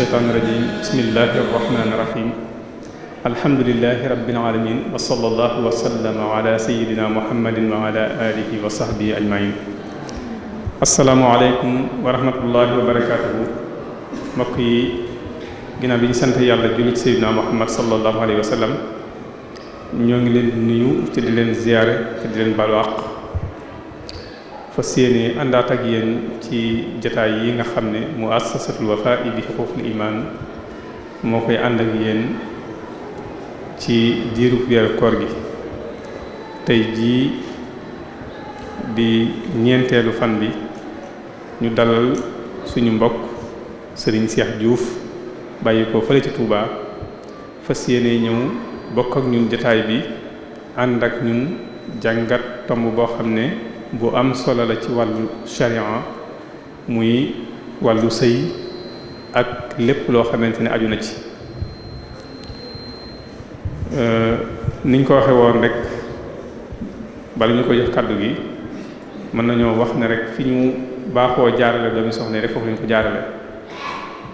الشيطان الرجيم بسم الله الرحمن الرحيم الحمد لله رب العالمين وصلى الله وسلم على سيدنا محمد وعلى آله وصحبه أجمعين السلام عليكم ورحمة الله وبركاته مكي جنا bi سنت يالله yàlla سيدنا محمد صلى الله عليه وسلم نيو نيو ngi زيارة nuyu te fasiyene yéene ak yeen ci jotaay yi nga xamne muassasatul wafa'i bi xuququl iman mo koy and ak yeen ci diru yar koor gi tay ji di ñentelu fan bi ñu dalal suñu mbokk serigne Cheikh Diouf bayiko fele ci Touba fasiyene ñew bokk ak ñun jotaay bi and ak ñun jangat tomb bo xamne bu am solo la ci walu sharia muy walu sëy ak lépp lo xamanteni aduna ci euh niñ ko waxe won rek bal ñu ko jox kàddu gi man nañu wax ne rek fiñu baxo jaarale do mi soxne rek fofu lañu ko jaarale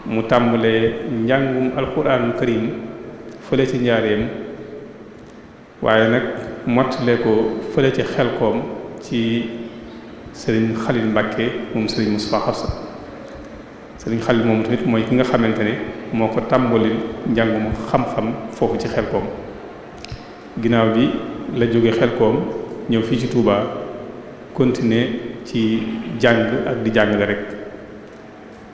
mu tambule njàngum alquran karim fële ci ñaarem waye nak motle ko fële ci xel koom ci sëriñ Xalil Mbàkke moom sëriñ Moussa Xafsa sëriñ Xalil moom tamit mooy ki nga xamante ne moo ko tàmbali njàngum xam-xam foofu ci xelkoom ginnaaw bi la jóge koom ñëw fii ci Touba continuer ci jàng ak di jàngale rek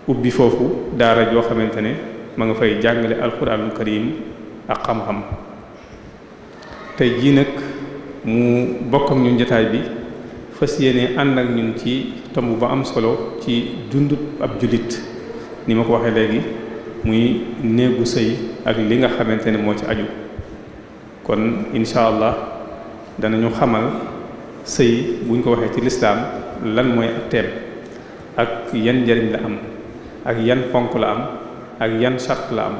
ubbi foofu daara joo xamante ne ma nga fay jàngale alxuraanul karim ak xam-xam tey jii nag mu bokk ak ñun bi. fasiyene and ak ñun ci tombu ba am solo ci dundut ab julit ni ko waxee muy neegu sey ak li nga xamantene ne ci aju kon inshallah allah danañu xamal sey buñ ko waxe ci l'islam lan moy ak ak yan jarim la am ak yan ponk la am ak yan charte la am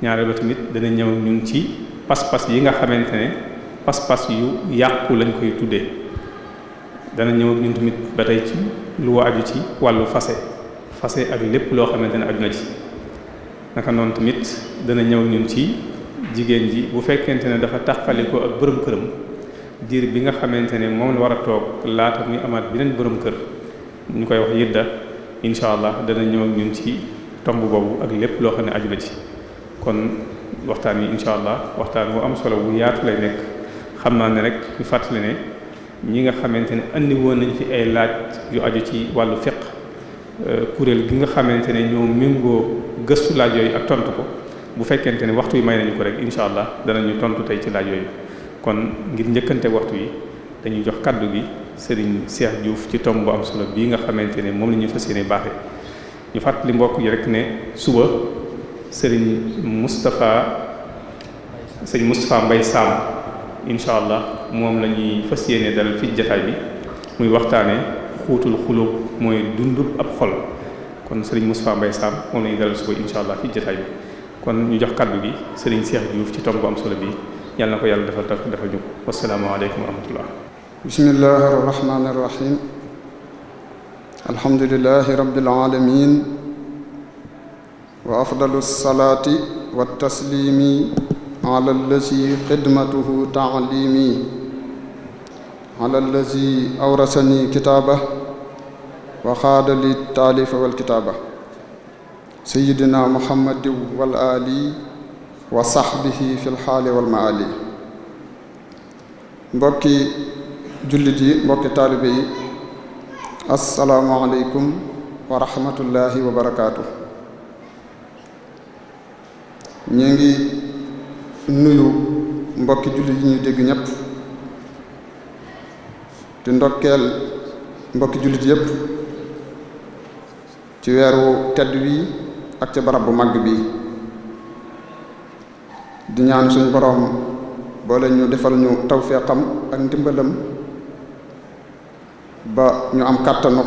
ñaareel ba tamit dana ñew ñun ci pas-pas yi nga xamantene ne pas yu yaqku lañ koy tuddé dana ñëw ñun tamit ba tey ci lu aju ci wàllu fase fase ak lépp loo xamante ne aju na ci naka noonu tamit dana ñëw ñun ci jigéen ji bu fekkente ne dafa ko ak bërëm këram diir bi nga xamante ne moom la war a toog laata muy amaat beneen borom kër ñu koy wax yidda incha allah dana ñëw ñun ci tomb boobu ak lépp loo xam ne aju na ci kon waxtaan yi incha allah waxtaan wu am solo bu yaatu lay nekk xam naa ne rek ñu fàttali ne. ñi nga xamante ne andi woon nañ fi ay laaj yu aju ci wàllu fiq euh, kuréel gi nga xamante ne ñoo méngoo gëstu laaj yooyu ak tontu ko bu fekkente ne waxtu yi may nañu ko rek incha allah ñu tontu tey ci laaj yooyu kon ngir njëkkante waxtu yi dañuy jox kàddu gi sëriñ Cheikh Diouf ci tomb bu am solo bii nga xamante ne moom la ñu fas yéene baaxee ñu fàttali mbokk yi rek ne suba sëriñ Moustapha Serigne Moustapha mbay Sam inshallah mom lañuy fassiyene dal fi jotaay bi muy waxtane khutul xulóob moy dundub ab xol kon serigne Moustapha mbay Sam on lay dal dalal suba fi jotaay bi kon ñu jox kàddu gi serigne Cheikh Diouf ci tomb am solo bi yàlla nako yàlla defal tax defal ñu ko alaykum wa rahmatullah bismillahi rahmaani rahim alhamdulilahi rabbil alamin wa afdalu salaati wa taslimi على الذي خدمته تعليمي على الذي أورثني كتابه وخاد لي التاليف والكتابة سيدنا محمد والآلي وصحبه في الحال والمعالي mbokki جلدي yi طالبي السلام عليكم ورحمة الله وبركاته نيجي nuyu mbokki julit yi ñu dégg ñëpp di ndokkeel mbokki julit yëpp ci weeru tedd wi ak ca barab bu mag bi di ñaan suñu boroom boole ñu defal ñu ak ndimbalam ba ñu am kàttanu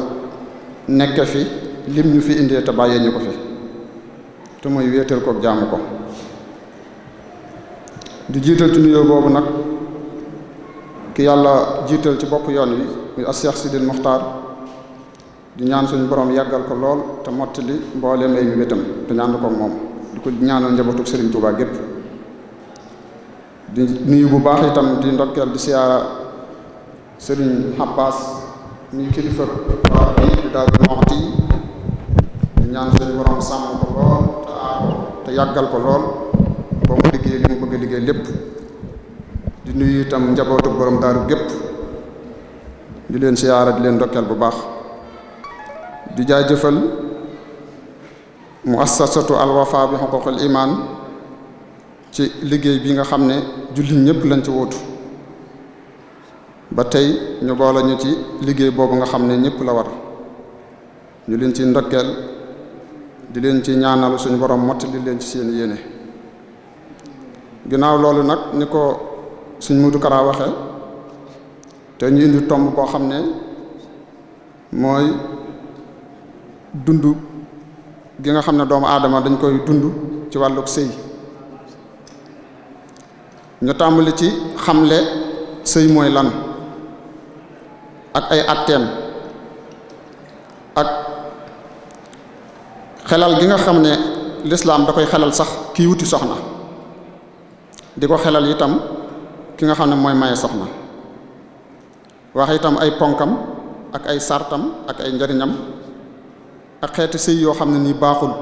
nekk fi lim ñu fi indee te bàyyee ñu ko fi te mooy wéetal ko jaamu ko di jital ci nuyo bobu nak ki yalla jital ci bop yoon wi muy Cheikh Sidil muhtar di ñaan suñu borom yagal ko lool te mottali mbooleem ay mébétam te ñaan ko mom di ko ñaanal njabootu Serigne Touba gep di nuyu bu baax itam di ndokkel di siara Serigne habbas ni kilifa waa bi di daal moxti di ñaan suñu borom sam ko lool te yagal ko lool liggéey li mu bëgg liggéey lépp di nuyu itam njabootu boroom daaru gépp di leen siyaara di leen ndokkeel bu baax di jaajëfal muassasatu alwafa bi xuququl iman ci liggéey bi nga xam ne jullit ñëpp lañ ci wóotu ba tey ñu boole ñu ci liggéey boobu nga xam ne ñëpp la war ñu leen ci ndokkeel di leen ci ñaanal suñu borom mottali leen ci seen yéene ginnaaw loolu nag ni ko suñ mudu karaa waxee te ñu indi tomb boo xam ne mooy dund gi nga xam ne doomu aadama dañ koy dund ci wàllug sëy ñu tàmbali ci xamle sëy mooy lan ak ay atteem ak xelal gi nga xam ne lislaam da koy xelal sax kii wuti soxna di ko xelal itam ki nga xam ne mooy maye soxna wax itam ay ponkam ak ay sartam ak ay njariñam ak xeeti sëy yoo xam ne nii baaxul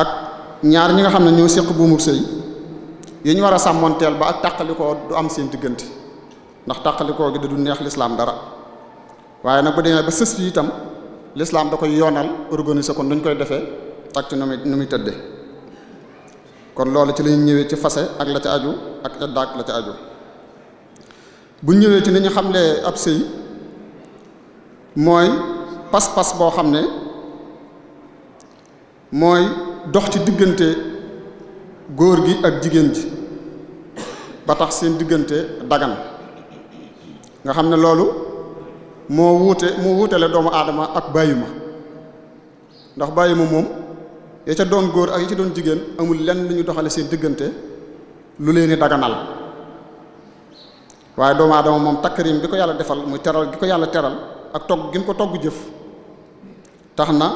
ak ñaar ñi nga xam ne ñoo séq buumub sëy yi ñu war a sàmmoonteel ba ak tàqalikoo du am seen diggante ndax tàqalikoo gi da du neex lislaam dara waaye nag bu demee ba sës fi itam lislaam da koy yoonal organiser kon duñ koy defee ak ci nu muy nu muy tëdde kon loolu ci lañu ñëwee ci fase ak la ca aju ak edda la ca aju bu ñëwee ci ni ñu xamlee ab sëy mooy pas-pas boo xam ne mooy dox ci diggante góor gi ak jigéen ji ba tax seen diggante dagan nga xam ne loolu moo wuute moo wutale doomu aadama ak bàyyima ndax bàyyi ma moom ya ca doon góor ak ya ci doon jigéen amul lenn lu ñu doxale seen diggante lu leen di daganal waaye doomu aadama moom takkarim bi ko yàlla defal muy teral gi ko yàlla teral ak togg gi mu ko togg jëf tax na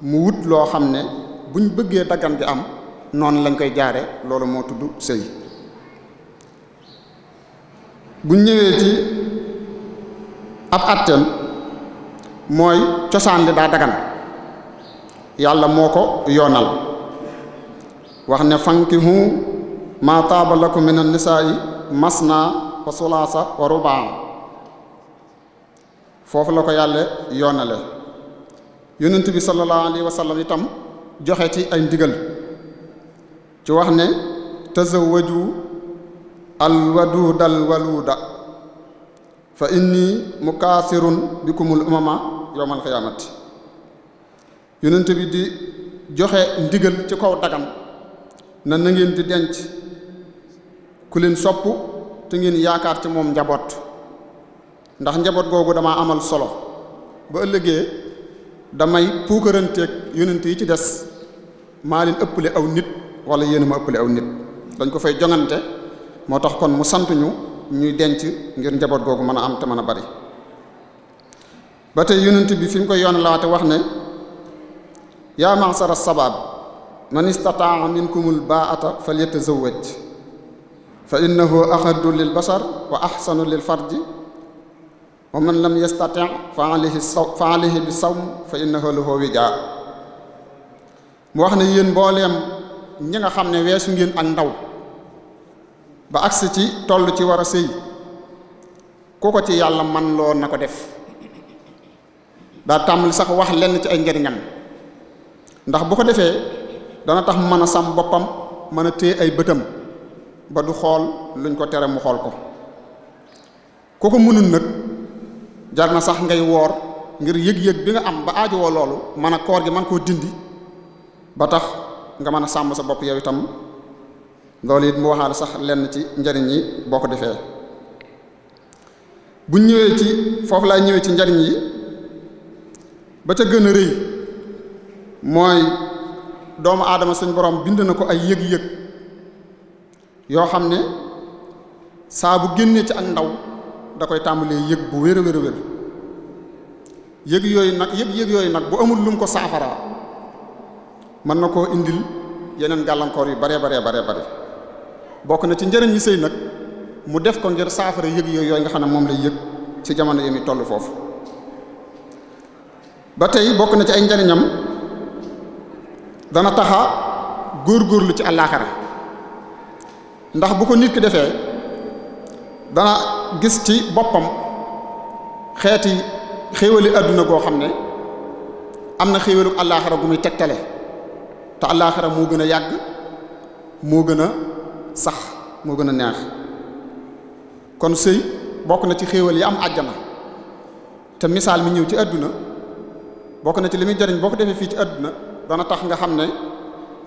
mu wut loo xam ne buñ bëggee daggan bi am noonu lañ koy jaare loolu moo tudd sëy bu ñëwee ci ab àtteem mooy cosaan li daa dagan yàlla moo ko yoonal wax ne fankihu maa taaba lakum min an-nisaa'i masna wa sulaasa wa rubaa foofu la ko yàlla yoonale yonent bi sallallahu alayhi wa sallam itam joxe ci ay ndigal ci wax ne tazawwaju alwaduud alwaluuda fa inni mukaasirun bikumul umama yawmal qiyaamati yonent bi di joxe ndigal ci kaw dagam na na ngeen di denc ku leen sopp te ngeen yaakaar ci moom njaboot ndax njaboot googu dama amal solo ba ëllëgee damay puukaranteeg yonent yi ci des maa leen ëpp ëppale aw nit wala yéen ma ëppale aw nit dañ ko fay jongante moo tax kon mu sant ñu ñuy denc ngir njaboot googu mën a am te mën a bari ba tey yonent bi fi mu koy yoon laate wax ne يا معصر الصباب من استطاع منكم الباءة فليتزوج فإنه أخد للبشر وأحسن للفرد ومن لم يستطع فعليه, فعليه بالصوم فإنه له وجاء موحنا يين بوليم نيغا خامني ويس نين اك نداو با اكسي تي تولو تي ورا سي كوكو تي يالا مان لو نكو ديف دا تامل ساخ واخ لين تي اي ndax bu ko defee dana tax mën a sàmm boppam mën a téye ay bëtam ba du xool luñ ko tere mu xool ko ku ko mënul nag jar na sax ngay woor ngir yëg-yëg bi nga am ba aajowoo loolu mën a koor gi mën koo dindi ba tax nga mën a sàmm sa bopp yow itam loolu it mu waxaale sax lenn ci njariñ yi boo ko defee bu ñëwee ci foofu laay ñëwee ci njariñ yi ba ca gën a rëy mooy doomu aadama suñ borom bind na ko ay yëg-yëg yoo xam ne saa bu génnee ci ak ndaw da koy tàmbalee yëg bu wér a wér yëg yooyu nag yëg-yëg yooyu nag bu amul lum ko saafaraa mën na koo indil yeneen gàllankoor yu baree baree baree bare bokk na ci njëriñ yi sëy nag mu def ko ngir saafara yëg yooyu yooyu nga xam ne moom lay yëg ci jamono yi muy toll foofu ba tey bokk na ci ay njariñam dana taxa góor góorlu ci àllaaxira ndax bu ko nit ki defee dana gis ci boppam xeeti xéewali àdduna goo xam ne am na xéewalu àllaaxira gu muy tegtale te àllaaxira moo gën a yàgg moo gën a sax moo gën a neex kon séy bokk na ci xéewal yi am àjjana te misaal mi ñëw ci àdduna bokk na ci li muy jariñ boo ko defee fii ci àdduna dana tax nga xamne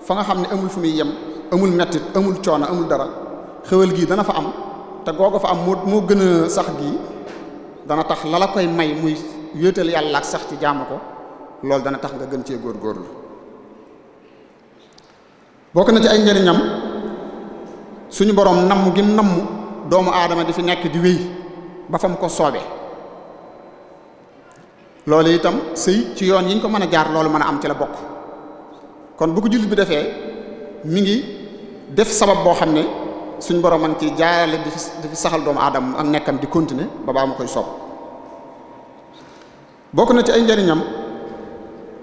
fa nga xamne amul fumuy yam amul metti amul coono amul dara xewal gi dana fa am te gogo fa am mo moo sax gi dana tax la la koy may muy wéetal yàlla ak sax ci jamako lol dana tax nga gën ci gor gor bok na ci ay ngeen ñam suñu borom nam gi nam doomu adama di fi nekk di wéy ba fam ko soobee lolé itam sëy ci yoon yiñ ko mëna jaar lolou mëna am ci la bokk. kon bu ko jullit bi defee mu ngi def sabab boo xam ne suñ borom man ci jaarale di fi saxal doom aadama ak nekkam di continuer ba baa ma koy soob bokk na ci ay njariñam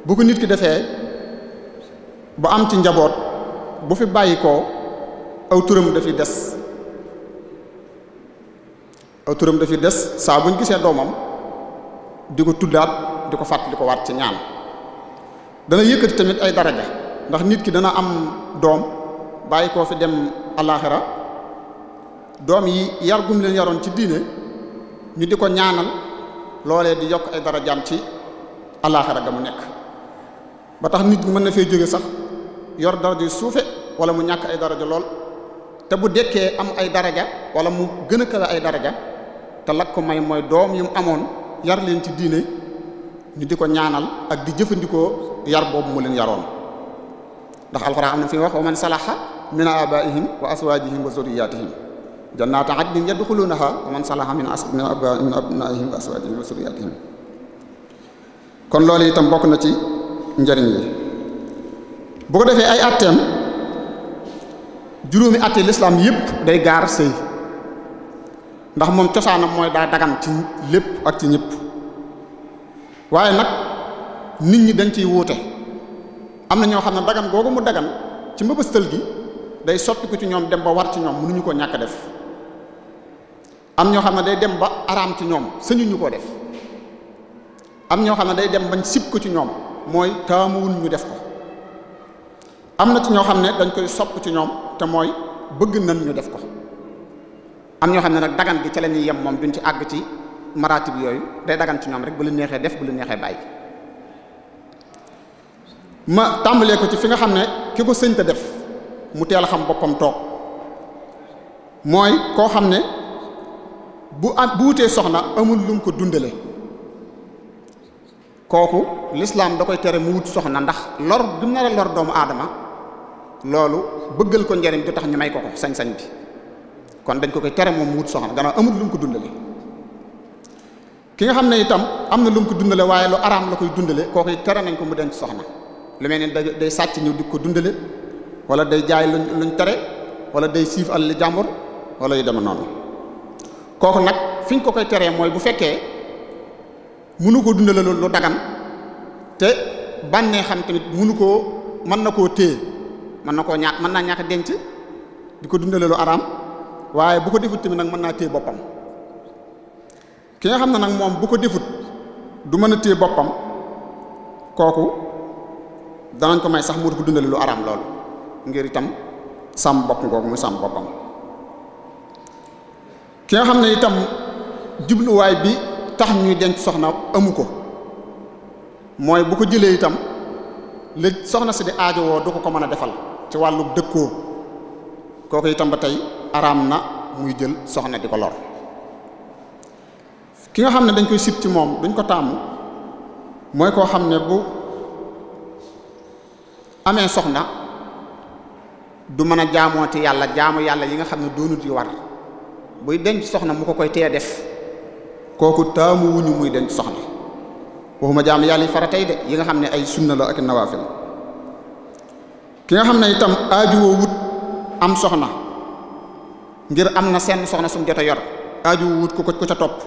bu ko nit ki defee bu am ci njaboot bu fi bàyyi koo aw turam dafay des aw turam dafi des saa buñ gisee doomam di ko tuddaat di ko fàttali ko waat ci ñaan dana yëkkati tamit ay daraja ndax nit ki dana am doom bàyyi koo fi dem alaxira doom yi yar gum leen yaroon ci diine ñu di ko ñaanal loolee di yokk ay darajaam ci alaxira ga mu nekk ba tax nit mën na fee jóge sax yor daraja yu suufe wala mu ñàkk ay daraja lool te bu dekkee am ay daraja wala mu gën a kawe ay daraja te lag ko may mooy doom yu mu amoon yar leen ci diine ñu di ko ñaanal ak di jëfandikoo yar boobu mu leen yaroon ndax alquran amna fi wax wa man salaha min abaihim wa aswajihim wa zurriyatihim jannata adnin yadkhulunaha wa man salaha min abnaihim wa aswajihim wa zurriyatihim kon loolu itam bok na ci njëriñ yi bu ko defé ay atem juróomi atte l'islam yëpp day gar sëy ndax mom cosaanam moy da dagam ci lépp ak ci ñëpp waye nak nit ñi dañ ci wuté am na ñoo xam ne dagan googu mu dagan ci mbëbëstal gi day soppiku ci ñoom dem ba war ci ñoom mënuñu ko ñàkk def am ñoo xam ne day dem ba araam ci ñoom sëñuñu koo def am ñoo xam ne day dem bañ sib ko ci ñoom mooy taamuwul ñu def am na ci ñoo xam ne dañ koy sopp ci ñoom te mooy bëgg nan ñu def ko am ñoo xam ne nag dagan gi ca la ñuy yem moom duñ ci àgg ci maraatib yooyu day dagan ci ñoom rek bu lu neexee def bu lu neexee bàyyi ma tàmbalee ko ci fi nga xam ne ki ko sëñ te def mu teel a xam boppam toog mooy koo xam ne bu am bu wutee soxna amul lum ko dundale kooku lislaam da koy tere mu wut soxna ndax lor du nar doomu aadama loolu bëggal ko njariñ du tax ñu may ko ko sañ-sañ bi kon dañ ko koy tere moom mu wut soxna gannaaw amul lum ko dundale ki nga xam ne itam am na lum ko dundale waaye lu araam la koy dundale kooku tere nañ ko mu denc soxna lu mel ne day sàcc ñu di ko dundale wala day jaay luñ luñ tere wala day siif alal jàmbur wala yu deme noonu kooku nag fi ñu ko koy teree mooy bu fekkee mënu ko dundale loolu lu dagan te bànnee xam tamit mënu koo mën na koo téye mën na koo ñàkk mën naa ñàkk denc di ko dundale lu araam waaye bu ko defut tamit nag mën naa téye boppam ki nga xam na nag moom bu ko defut du mën a téye boppam kooku danañ ko may sax mu ko dundale lu araam lool ngir itam sàmm bopp ngoogu mu sàmm boppam ki nga xam ne itam jubluwaay bi tax ñuy denc soxna amu ko mooy bu ko jëlee itam li soxna si di aajowoo du ko ko mën a defal ci wàllu dëkkoo kooku itam ba tey araam na muy jël soxna di ko lor ki nga xam ne dañ koy sib ci moom duñ ko tàmm mooy koo xam ne bu amee soxna du mën a jaamooti yàlla jaamu yàlla yi nga xam ne doonut yu war buy denc soxna mu ko koy teye def kooku taamu wuñu muy denc soxna waxuma jaamu yàlla yi tey de yi nga xam ne ay sunna la ak nawaafil ki xam ne itam aajuwoo wut am soxna ngir am na seen soxna sum jot a yor aajuwoo wut ku ca topp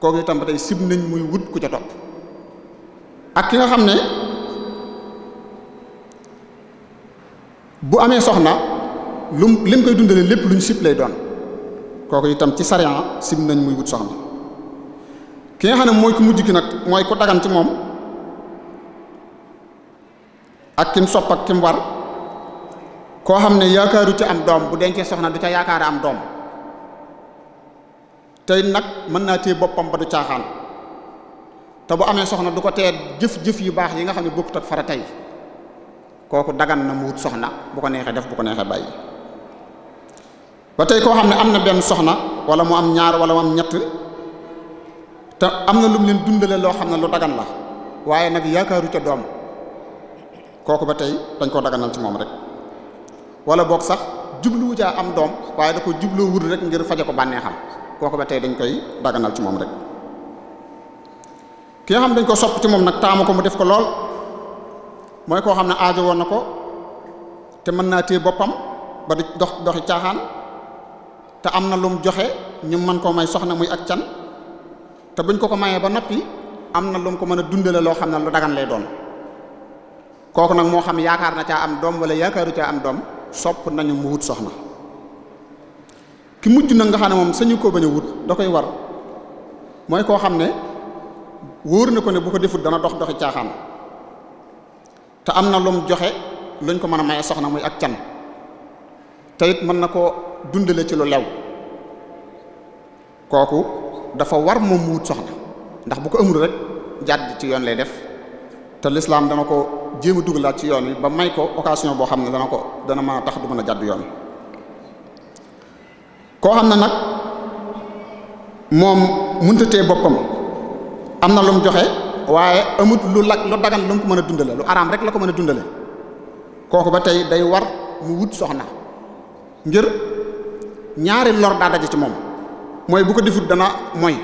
kooku itam ba tey sib ca topp ak ki nga xam ne bu amee soxna lum lim koy dundale lépp luñ sib lay doon kooku itam ci sariya sib nañ muy wut soxna ki nga xam ne mooy ku mujj ki nag mooy ku dagan ci moom ak kim sopp ak kim war koo xam ne yaakaaru ci am doom bu dencee soxna du ca yaakaara am doom tey nag mën naa téye boppam ba du caaxaan te bu amee soxna du ko tee jëf-jëf yu baax yi nga xam ne bokkut ak fara tey kooku dagan na mu wut soxna bu ko neexee def bu ko neexee bàyyi ba tey koo xam ne am na benn soxna wala mu am ñaar wala mu am ñett te am na lum mu leen dundale loo xam ne lu dagan la waaye nag yaakaaru ca doom kooku ba tey dañ koo daganal ci moom rek wala boog sax jubluwu caa am doom waaye da ko rek ngir faje ko bànneexam kooku ba tey dañ koy daganal ci moom rek xam dañ ko sopp ci moom nag taamu ko mu def ko lool moy ko xamne aajo won na ko te man na te bopam ba dox dox doxi te amna lum joxe ñu man ko may soxna muy ak can te buñ ko ko maye ba nopi amna lum ko meuna dundele lo xamne lu dagan lay doon koku nak mo xam yaakar na ca am dom wala yaakaru ca am dom sop nañu mu wut soxna ki mujj na nga xane mom sañu koo wut da war moy ko xamne ne na ko ne bu ko defut dana dox dox te am na lum joxe luñ ko mën a maye soxna muy ak can te mën na koo dundale ci lu lew kooku dafa war moom mu wut soxna ndax bu ko amul rek jàdd ci yoon lay def te lislaam dana ko jéem a dugalaat ci yoon wi ba may ko occasion boo xam ne dana ko dana mën a tax du mën a jàdd yoon koo xam ne nag moom muntatee boppam am na lum joxe waaye amut lu la lu dagan lu mu ko mën a dundale lu araam rek la ko mën a dundale kooku ba tey day war mu wut soxna ngir ñaari lor daa daje ci moom mooy bu ko defut dana moy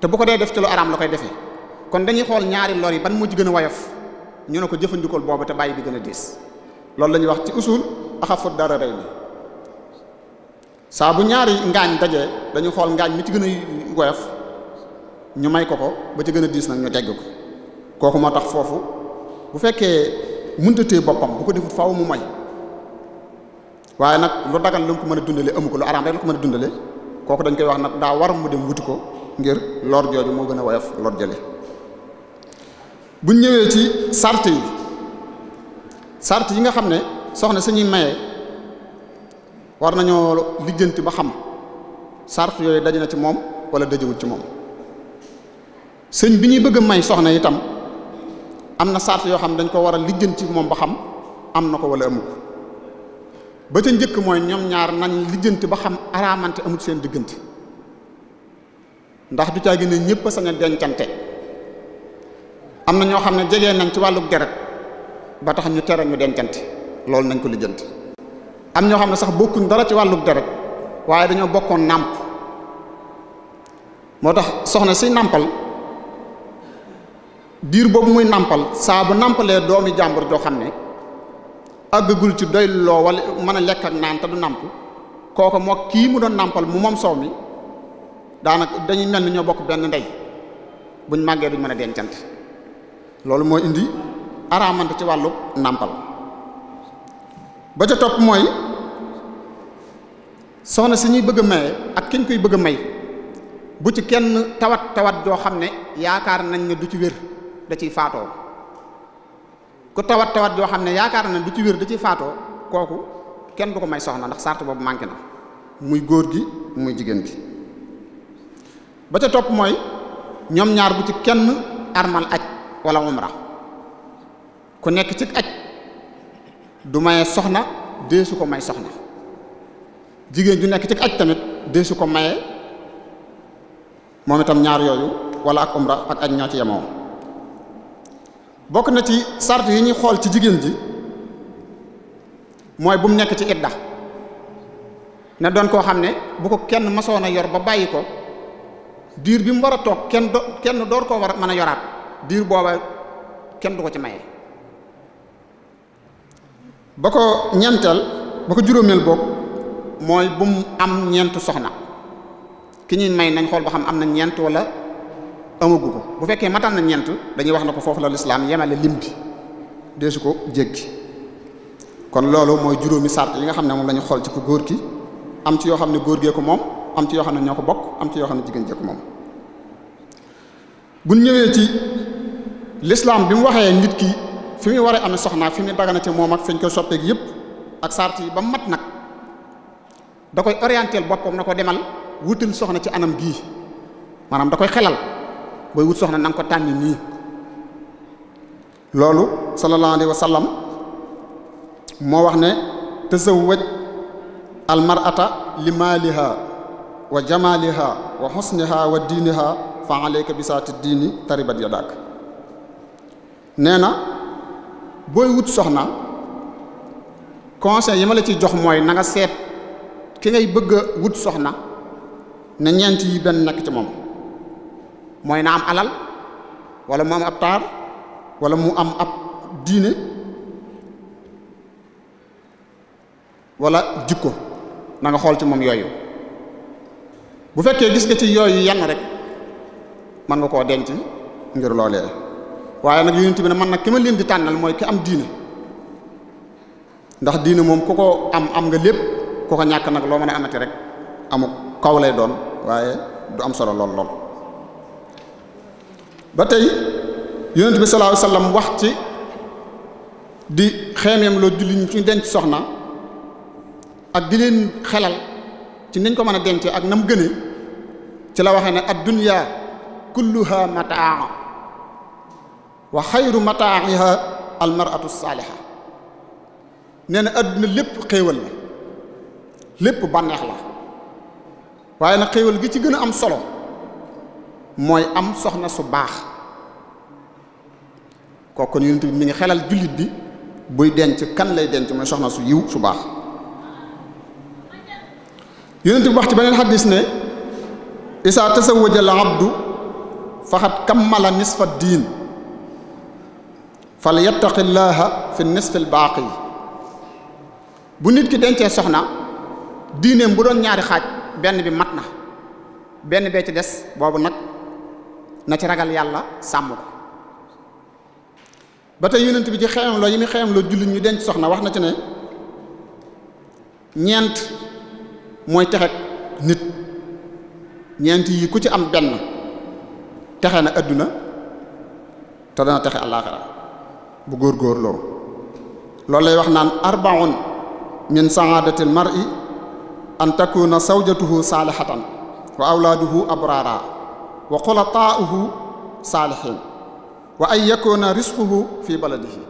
te bu ko dee def ci lu araam la koy defee kon dañuy xool ñaari lor yi ban moo ci gën a woyof ñu ne ko jëfandikool boobu te bàyyi bi gën a diis loolu lañuy wax ci usul axafu dara rey ni saa bu ñaari ngaañ daje dañu xool ngaañ mi ci gën a woyof ñu may ko ko ba ci gën a diis nag ñu tegg ko kooku moo tax foofu bu fekkee mënta téye boppam bu ko defut faaw mu moy waaye nag lu dagan lu ko mën a dundale amu ko lu araam rek lu ko mën a dundale kooku dañ koy wax nag daa war mu dem wuti ko ngir lor jooju moo gën a woyof lor jële buñ ñëwee ci sart yi sart yi nga xam ne soxna suñuy maye war nañoo lijjanti ba xam sart yooyu daje na ci moom wala dajewul ci moom sëñ bi ñuy bëgg a may soxna itam am na sart yoo xam dañ ko war a lijjanti moom ba xam am na ko wala amu ba ca njëkk mooy ñoom ñaar nañ lijjanti ba xam araamante amut seen diggante ndax du caa gi ne ñëpp a sañ a dencante am na ñoo xam ne jege nañ ci wàllu deret ba tax ñu tere ñu dencante loolu nañ ko lijjanti am ñoo xam ne sax bokkuñ dara ci wàllu deret waaye dañoo bokkoon nàmp moo tax soxna si nàmpal diir boobu muy nàmpal saabu bu nàmpalee doomi jàmbur joo xam ne àggagul ci doy loo mën a lekk ak naan te du nàmp kooku moo kii mu doon nàmpal mu moom soow mi daanaka dañuy mel ni ñoo bokk benn ndey buñ màggee duñ mën a dencante loolu mooy indi araamante ci wàllu nàmpal ba ca topp mooy soxna si ñuy bëgg a maye ak kiñ koy bëgg a may bu ci kenn tawat tawat joo xam ne yaakaar nañ ne du ci wér da ciy faatoo ku tawat tawat yoo xam ne yaakaar na du ci wér da ciy faatoo kooku kenn du ko may soxna ndax sart boobu manqué na muy góor gi muy jigéen bi ba ca topp mooy ñoom ñaar bu ci kenn armal aj wala umra ku nekk ci aj du maye soxna deesu ko may soxna jigéen ju nekk ci aj tamit deesu ko maye moom itam ñaar yooyu wala ak umra ak aj ñoo ci yemoo bokk na ci sart yi ñuy xool ci jigéen ji mooy bu mu nekk ci idda na doon koo xam ne bu ko kenn masoon a yor ba bàyyi ko diir bi mu war a toog kenn kenn door koo war a mën a yoraat diir booba kenn du ko ci maye ba ko ñeenteel ba ko juróomeel boobu mooy bu mu am ñeent soxna ki ñuy may nañ xool ba xam am na ñeent wala amagu ko bu fekkee matal na ñeent dañuy wax na ko foofu la lislaam yemale lim bi deesu ko jéggi kon loolu mooy juróomi sart yi nga xam ne moom la ñu xool ci ko góor ki am ci yoo xam ne góor gee ko moom am ci yoo xam ne ñoo ko bokk am ci yoo xam ne jigéen jee ko bu ñëwee ci lislaam bi mu waxee nit ki fi muy waree amee soxna fi muy daganate moom ak fi ñu koy soppeek yëpp ak sart yi ba mat nag da koy orienté boppam na ko demal wutal soxna ci anam gii maanaam da koy xelal boy wut soxna nang ko tànni ni lolou sallallahu alaihi wasallam mo wax ne tazawwaj al mar'ata li maaliha wa jamaaliha wa xusniha wa diiniha fa alayka bi bisaati diini taribat yadak neena boy wut soxna conseil yi la ci jox moy na nga set ki ngay beug wut soxna na ñeent yi ben nak ci mom mooy na am alal wala mu am ab taar wala mu am ab diine walla jikko na nga xool ci moom yooyu bu fekkee gis nga ci yooyu yenn rek mën nga koo denc ngir loolee waaye nag yonent bi ne man nag ki ma leen di tànnal mooy ki am diine ndax diine moom ku ko am am nga lépp koo ko ñàkk nag loo mën a amati rek amu kaw lay doon waaye du am solo lool lool batay yunus bi sallallahu alayhi wasallam wax ci di xémem lo julli ñu ci denc soxna ak di leen xelal ci niñ ko mën denc ak nam gënee ci la waxé ne ad-dunya kulluha mataa wa khayru mataa'iha al-mar'atu as-saaliha nee na lépp xewal la lépp banex la waye na xewal gi ci gën am solo moy am soxna su baax kooku ñu bi mi ngi xelal julit bi buy denc kan lay denc moy soxna su yiw su bax yoonte bi wax ci benen hadith ne isa tasawwaja al abdu faxat kammala nisfa din fal yattaqi llaaha fi nisfi l baaqi yi bu nit ki dencee soxna dinem bu doon ñaari xaj benn bi matna na benn bee ci dess bobu nak na ci ragal yàlla sàmm ko ba tey yonent bi ci xeyam loo yi muy xeyam loo jullit ñu denc soxna wax na ci ne ñeent mooy texet nit ñeent yi ku ci am benn texe na àdduna te dana texe àllaaxira bu góor góorloo loo loolu lay wax naan arbaun min saadatil mar'i an takuna sawjatuhu saalihatan wa awlaaduhu abrara wa xulataauhu saalihin wa ay yakuna risquhu fii baladihi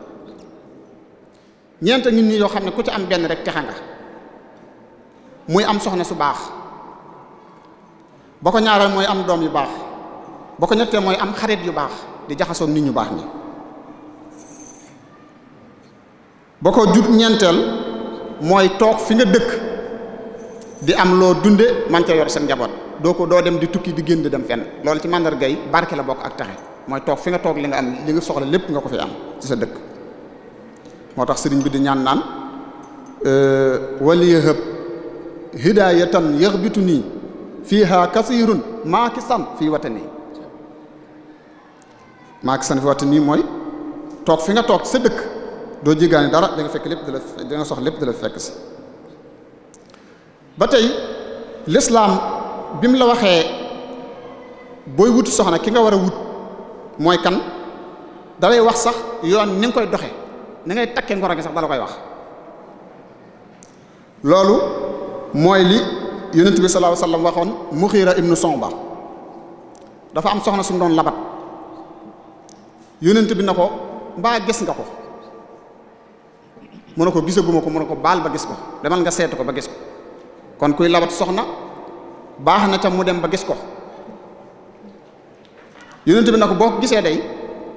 ñeent nit ñi yoo xam ne ku ci am benn rek texa nga muy am soxna su baax ba ko ñaareel mooy am doom yu baax ba ko ñettee mooy am xarit yu baax di jaxasoo nit ñu baax ni ba ko jut ñeenteel mooy toog fi nga dëkk di am loo dunde man ca yor seen njaboot doo ko doo dem di tukki di génn di dem fenn loolu ci màndargay barke la bokk ak taxe mooy toog fi nga toog li nga am li nga soxla lépp nga ko fi am ci sa dëkk tax sëriñ bi di ñaan naan wali yëhëb hidaayatan yaxbitu nii fiiha kasirun maaki fii watani maaki san fii watani mooy toog fi nga toog sa dëkk doo jéggaani dara da nga fekk lépp da la soxla lépp da la fekk si ba tey lislaam bi mu la waxee booy wut soxna ki nga war a wut mooy kan dalay wax sax yoon ni koy doxe ni ngay takkee ngoro gi sax dala koy wax loolu mooy li yonent bi sallallahu alayhi wasallam waxoon Muxiira ibnu Sonba dafa am soxna sumu doon labat yonent bi na ko mbaa gis nga ko mu a ko gisaguma ko mun ne ko baal ba gis ko demal nga seetu ko ba gis ko kon kuy labat soxna baax na ca mu dem ba gis ko yonent bi na ko boo ko gisee day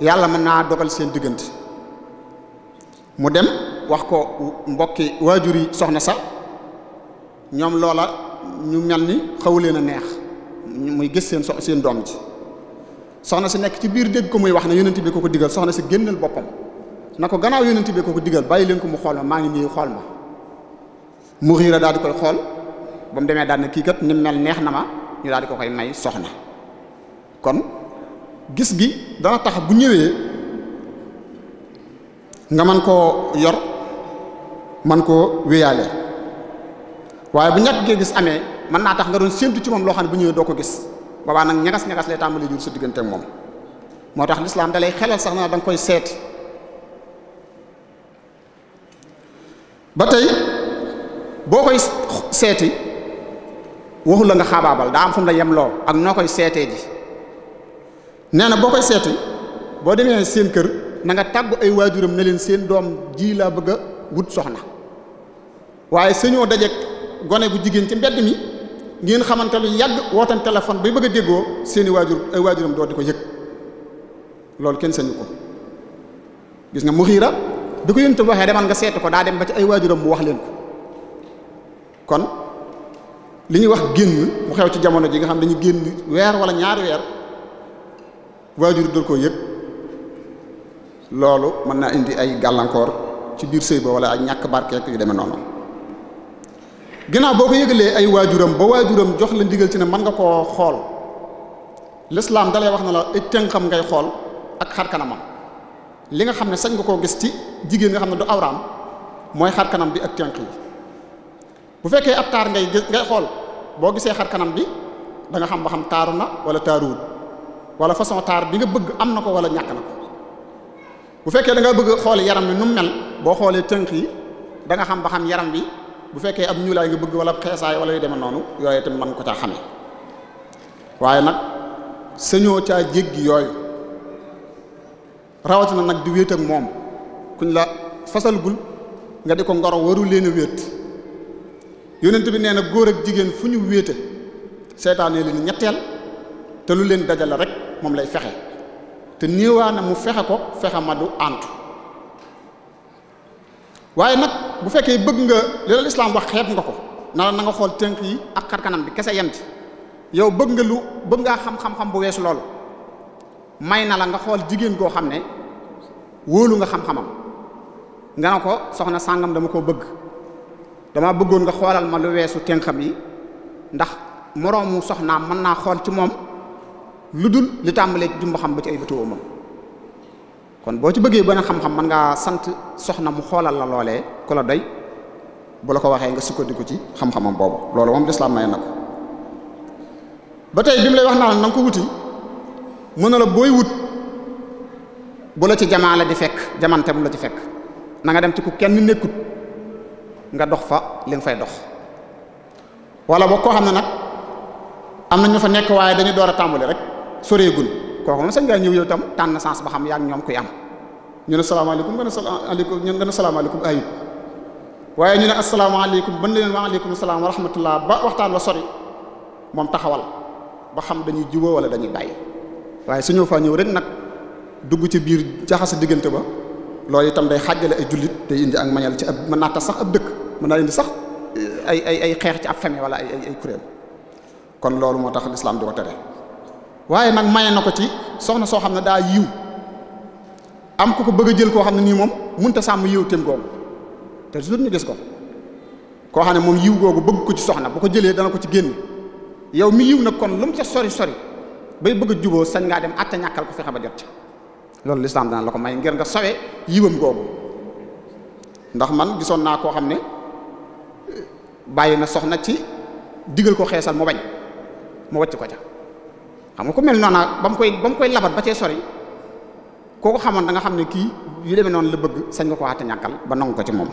yàlla mën naa dogal seen diggante mu dem wax ko mbokki waajur yi soxna sa ñoom loola ñu mel ni xaw leen a neex muy gis seen sox seen doom ji soxna si nekk ci biir dégg ko muy wax ne yonent bi ko ko digal soxna si génnal boppam na ko gannaaw yonent bi ko ko digal bàyyi leen ko mu xool ma maa ngi nii xool ma mu riira daal di koy xool ba mu demee daan na kii kat ni mel neex na ma ñu daal di ko koy may soxna kon gis bi dana tax bu ñëwee nga mën koo yor man koo wéyaale waaye bu ñàkk gee gis amee mën naa tax nga doon séentu ci moom loo xam ne bu ñëwee doo ko gis boobaa nag ñagas-ñagas lay tàmbali jur sa diggante moom moo tax lislaam da lay xelal sax na da nga koy seet ba tey boo koy seeti waxul la nga xaabaabal daa am fu mu la yem loo ak noo koy seetee ji nee na boo koy seeti boo demee seen kër na nga tàggu ay waajuram ne leen seen doom ji laa bëgg a wut soxna waaye suñoo daje gone bu jigéen ci mbedd mi ngeen xamante lu yàgg wootan téléphone bay bëgg a déggoo seeni waajur ay waajuram doo di ko yëg loolu kenn sañu ko gis nga mu xiira bi ko yëntu waxee demal nga seeti ko daa dem ba ci ay waajuram mu wax leen ko kon li ñuy wax génn mu xew ci jamono ji nga xam dañu génn weer wala ñaari weer waajur dër koo yëg loolu mën naa indi ay gàllankoor ci biir sëy ba wala ay ñàkk barkeek yu deme noonu ginnaaw boo ko yëgalee ay waajuram ba waajuram jox la ndigal ci ne mën nga koo xool lislaam dalay wax na la tenqam ngay xool ak xar kanamam li nga xam ne sañ nga koo gis ci jigéen nga xam ne du awraam mooy xar bi ak tënk yi bu fekkee ab taar ngay ngay xool boo gisee xar kanam bi danga xam ba xam taaru na wala taaruwul wala façon taar bi nga bëgg am na ko wala ñàkk na ko bu fekkee da nga bëgg xool yaram wi nu mu mel boo xoolee tënk yi da nga xam ba xam yaram wi bu fekkee ab ñuulaay nga bëgg wala xeesaay wala yu demee noonu yooyu tamit mën ko caa xamee waaye nag sañoo caa jéggi yooyu rawatina nag di wéet moom kuñ la fasalgul nga di ko ngoro warul leen a wéet yonent bi nee na góor ak jigéen fu ñu wéete seytaane leen ñetteel te lu leen dajale rek moom lay fexe te néewaa na mu fexe ko fexe ma du antu waaye nag bu fekkee bëgg nga li la islaam wax xeeb nga ko na na nga xool tenk yi ak xarkanam bi kese yent yow bëgg nga lu bëgg ngaa xam xam bu wees loolu may na la nga xool jigéen goo xam ne wóolu nga xam-xamam nga ne ko soxna sàngam dama koo bëgg dama bëggoon nga xoolal ma lu weesu tenxam yi ndax moroomu soxnaam mën naa xool ci moom lu dul li tàmbalee ci jumba xam ba ci ay bëtuwa moom kon boo ci bëggee benn xam-xam man ngaa sant soxna mu xoolal la loolee ku la doy bu la ko waxee nga sukkandiku ci xam-xamam boobu loolu moom lislaam may na ko ba tey bi mu lay wax naa na nga ko wuti mën na la booy wut bu la ci jamaa la di fekk jamante bu la ci fekk na nga dem ci ku kenn nekkut nga dox fa li nga fay dox walla boog koo xam ne nag am na ñu fa nekk waaye dañu door a tàmbuli rek soreegun kooku moom sañ ngaa ñëw yow tam tànn sens ba xam yaa ngi ñoom kuy am ñu ne salaamaaleykum nga ne salaamaaleykum ñu ne salaamaaleykum ayib waaye ñu ne asalaamaaleykum ban leen waaleykum salaam wa ba waxtaan moom taxawal ba xam dañuy juboo wala dañuy waaye su ñëw faa ñëw rek nag dugg ci biir jaxasa diggante ba loolu itam day xàjjale ay jullit day ak mañal ci ab mën naa sax ab dëkk mën naa indi sax eh, ay ay ay xeex ci ab famille wala ay ay kon loolu moo tax lislaam di ko tere waaye nag maye na ko ci soxna soo xam ne daal yiw am ku ko bëgg a jël koo xam ne nii moom mënut a sàmm yiw tem googu te toujours ñu gis ko koo xam ne moom yiw googu bëgg ko ci soxna boo ko jëlee dana ko ci génn yow mi yiw nag kon lu mu ca sori sori bay bëgg a juboo sañ ngaa dem atte ñàkkal ko fexe ba jot ci loolu lislaam dana la ko may ngir nga sawee yiwam googu ndax man gisoon naa koo xam ne bàyyi na soxna ci digal ko xeesal mu bañ mu wàcc ko ca xam nga ku mel noona ba mu koy ba mu koy labat ba cee sori kooku xamoon danga xam ne kii yu demee noonu la bëgg sañ nga ko àtte ñàkkal ba nangu ko ci moom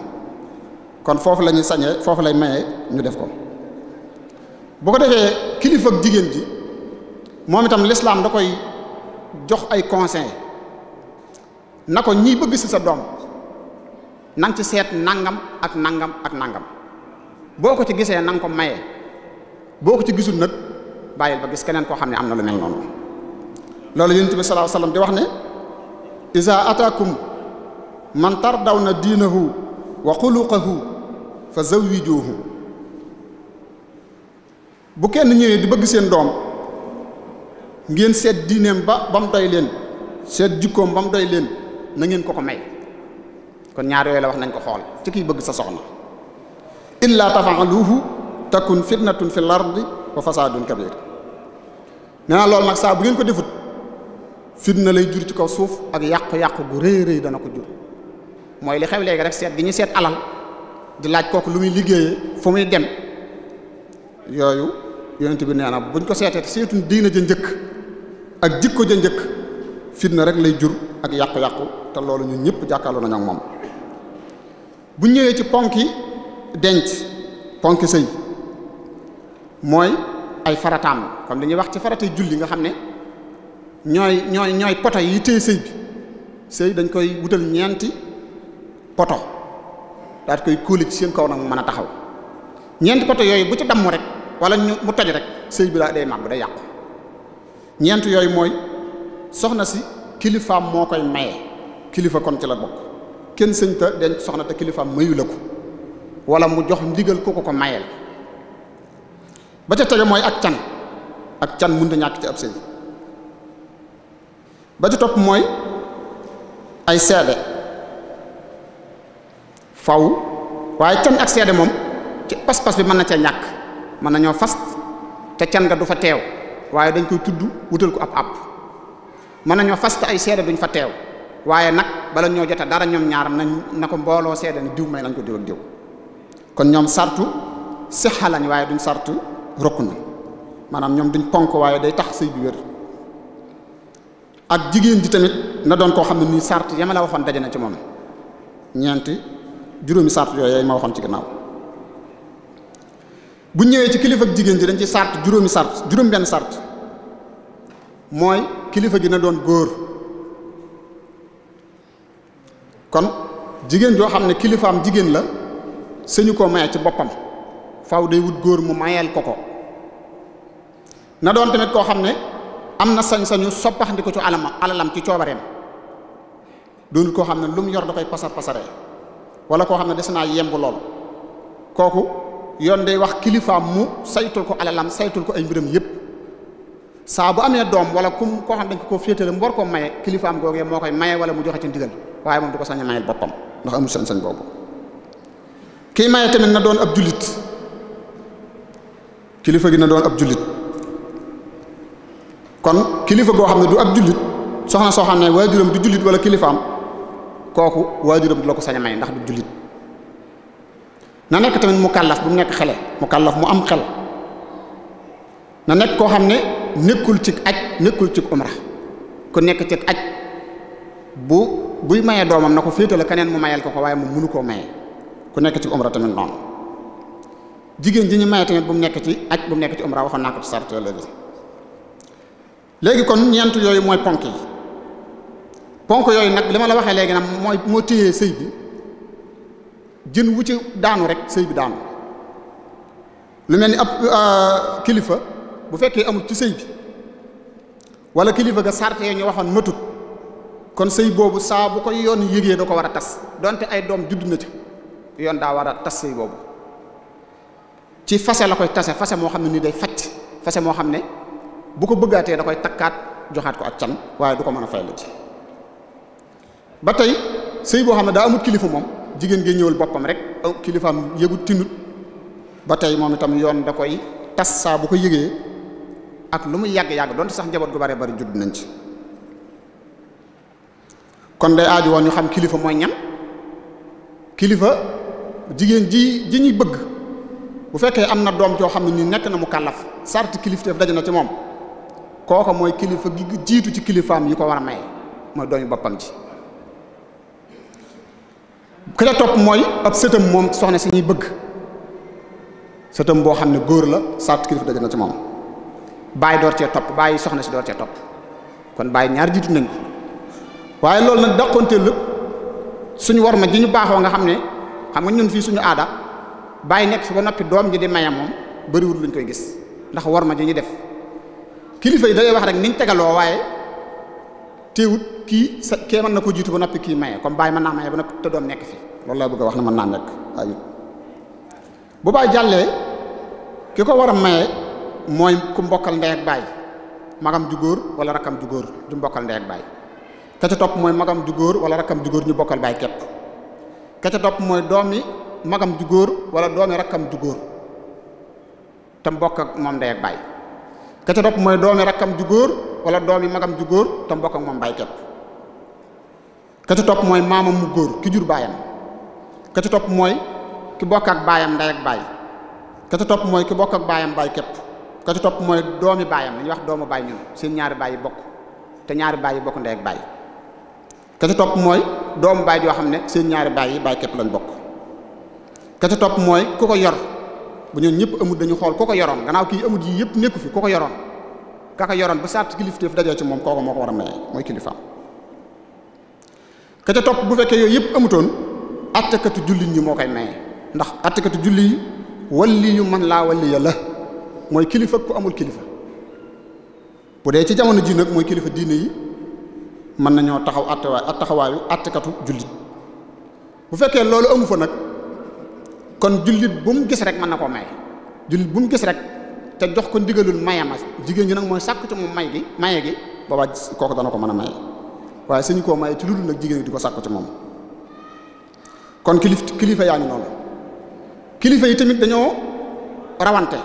kon foofu lañuy ñuy foofu lay mayee ñu def ko boo ko defee kilifa jigéen ji moom itam lislaam da koy jox ay conseil na ko ñiy bëgg ci sa doom nang ci seet nangam ak nangam ak nangam boo ko ci gisee na nga ko maye boo ko ci gisul nag bàyyil ba gis keneen koo xam ne am na lu mel noonu loolu yonent bi sallallahu alayhi wasallam di wax ne iza ataakum na tardawna diinahu wa xuluqahu fa zawwijuhu bu kenn ñëwee di bëgg seen doom ngeen seet diineem ba ba mu doy leen seet jikkoom ba mu doy leen na ngeen ko ko may kon ñaar yooyu la wax nañ ko xool ci kiy bëgg sa soxna illa tafaaluhu takun fitnatun fil ardi wa fasadun kabir na lol nak sa bu ngeen ko defut fitna lay jur ci kaw suuf ak yaq yaq gu reey reey dana ko jur moy li xew léegi rek set gi set alal di laaj kooku lu muy liggéeyee fu muy dem yoyu yonent bi neena buñ ko seetee setun diina je ndeuk ak jikko je ndeuk fitna rek lay jur ak yaq yaq ta lolou ñun ñepp jakkalu nañu ak ci ponki denc ponk sëy mooy ay farataam comme dañuy wax ci faratay julli nga xam ne ñooy ñooy ñooy poto yi téye sëy bi sëy dañ koy wutal ñeenti poto daal koy kóoli ci seen kaw nag mu mën a taxaw ñeenti poto yooyu bu ci damm rek wala ñu mu toj rek sëy bi daa day màgg day yàqu ñeent yooyu mooy soxna si kilifaam moo koy maye kilifa kon ci la bokk kenn sëñ ta soxna te kilifaam mayu la ko wala mu jox ndigal ku ko ko mayel ba ca tege mooy ak can ak can mënta ñàkk ci ab sëy ba ca topp mooy ay seede faw waaye can ak seede moom ci pas-pas bi mën na ca ñàkk mën na ñoo fas te can ga du fa teew waaye dañ koy tudd wutal ko ab ab mën nañoo fas te ay seede duñ fa teew waaye nag bala ñoo jota dara ñoom ñaaram nañ na ko mbooloo seede ni diw may lañ ko diw ak diw kon ñoom sartu sixa lañ waaye duñ sartu rokk na maanaam ñoom duñ ponk waaye day tax sëy bi wér ak jigéen ji tamit na doon koo xam ne nii sart ya ma la waxoon daje na ci moom ñeenti juróomi sart yooyu ma waxoon ci ginnaaw bu ñëwee ci kilifa jigéen ji dañ ci sart juróomi sart juróom benn sart mooy kilifa gi na doon góor kon jigéen joo xam ne kilifaam jigéen la sëñu koo maye ci boppam faw day wut góor mu mayeel ko ko na doon tamit koo xam ne am na sañ-sañu soppax ndi ko ci alama alalam ci coobareem doonut koo xam ne lu mu yor da koy pasar pasaree wala koo xam ne des naa yemb lool kooku yoon day wax kilifaam mu saytul ko alalam saytul ko ay mbiram yépp saa bu amee doom wala kum koo xam dañ ko koo féetale mu war koo maye kilifaam googee moo koy maye wala mu joxe ci ndigal waaye moom du ko sañ a boppam ndax amul sañ-sañ boobu kiy maye tamit na doon ab jullit kilifa gi na doon ab jullit kon kilifa goo xam ne du ab jullit soxna soo xam ne waajuram du jullit wala kilifaam kooku waajuram du la ko sañ may ndax du jullit na nekk tamit mu kàllaf bu nekk xele mu kàllaf mu am xel na nekk koo xam ne nekkul ci aj nekkul ci umra ku nekk ci aj bu buy maye doomam na ko féetale keneen mu mayal ko ko waaye mu munu koo maye ku nekk ci umra tamit noonu jigéen ji ñu maye tamit bu mu nekk ci ak bu mu nekk ci umra waxoon naa ko ci sart léegi léegi kon ñeent yooyu mooy ponk yi ponk yooyu nag li ma la waxee léegi nag mooy moo téye sëy bi jën wu ci daanu rek sëy bi daanu lu mel ni ab euh, kilifa bu fekkee amul ci sëy bi wala kilifa ga sarte ñu waxoon matut kon sëy boobu saa bu ko yoon yëgee da ko war a tas donte ay doom judd na ci yoon daa war a tas sëy boobu ci fase la koy tase fase moo xam ne nii day faj fase moo xam ne bu ko bëggaatee da koy takkaat joxaat ko ak can waaye du ko mën a fay la ci ba tey sëy boo xam ne daa amut kilifa moom jigéen gi ñëwul boppam rek kilifaam yëgut tinut ba tey moom itam yoon da koy tas saa bu ko yëgee ak lu muy yàgg-yàgg donte sax njaboot gu bare bari judd nañ ci kon day aaju woon ñu xam kilifa mooy ñam kilifa jigéen ji ji ñuy bëgg bu fekkee am na doom joo xam ne nii nekk na mu kàllaf sart kilifteef daje na ci moom kooko mooy kilifa gi jiitu ci kilifaam yi ko war a maye mooy doomi boppam ji ki topp mooy ab sëtam moom soxna si ñuy bëgg sëtam boo xam ne góor la sart kilifa daje na ci moom bàyyi door cee topp bàyyi soxna si door cee topp kon bàyyi ñaar jiitu nañ ko waaye loolu nag dàqoonte lépp suñu war ma ji ñu baaxoo nga xam ne xam nga ñun fii suñu aada bàyyi nekk fi ba noppi doom ji di maye moom bëriwul luñ koy gis ndax war ma ji ñu def kilifa yi day wax rek niñ tegaloo waaye teewut kii sa kee mën na ko jiitu ba noppi kii maye comme bàyyi mën naa maye ba noppi te doom nekk fi loolu laa bëgg a wax ne mën naa nekk ayut jàllee ki ko war a maye mooy ku mbokkal ndey ak magam ju góor wala rakam ju góor du mbokkal ndey ak bàyyi te topp mooy magam ju góor wala rakam ju góor ñu bokkal bàyyi ka ca topp mooy doomi magam ju góor wala doomi rakkam ju góor te mbokk ak moom ndey ak baay ka ca topp mooy ju góor wala doomi magam ju góor te mbokk ak moom baay képp ka mooy maamam mu góor ki jur baayam ka topp mooy ki bokk baayam ndey ak baay ka topp mooy ki bokk baayam baay képp ka topp mooy doomi baayam li ñuy wax doomu baay ñun seen ñaari baay yi bokk te ñaari baay yi bokk ndey baay ka ca topp mooy doomu baay joo xam ne seen ñaari baay yi baay képp bokk ka ca topp mooy ku ko yor bu ñoom ñëpp amut dañu xool ku ko yoroon gannaaw kii amut yi yëpp nekku fi ku ko yoroon ka ko yoroon ba sàtt kilifteef dajoo ci moom kooku moo ko war mooy kilifaam ka topp bu fekkee yooyu yëpp amutoon attakatu jullit ñi moo koy maye ndax attakatu julli yi walli yu man laa walli ya la mooy kilifa ku amul kilifa bu dee ci jamono ji nag mooy kilifa diine yi man nañu taxaw attewaay at taxawaayu attekatu jullit bu fekkee lolu amu fa nak kon julit bu mu gis rek man nako may julit bu mu gis rek te jox ko ndigalul mayama ñu nak moy sakku ci mu may gi maye gi baba koku dana ko mëna may way seni ko may ci ludul nak di ci mom kon kilif kilifa yaa non kilifa yi tamit dañoo rawante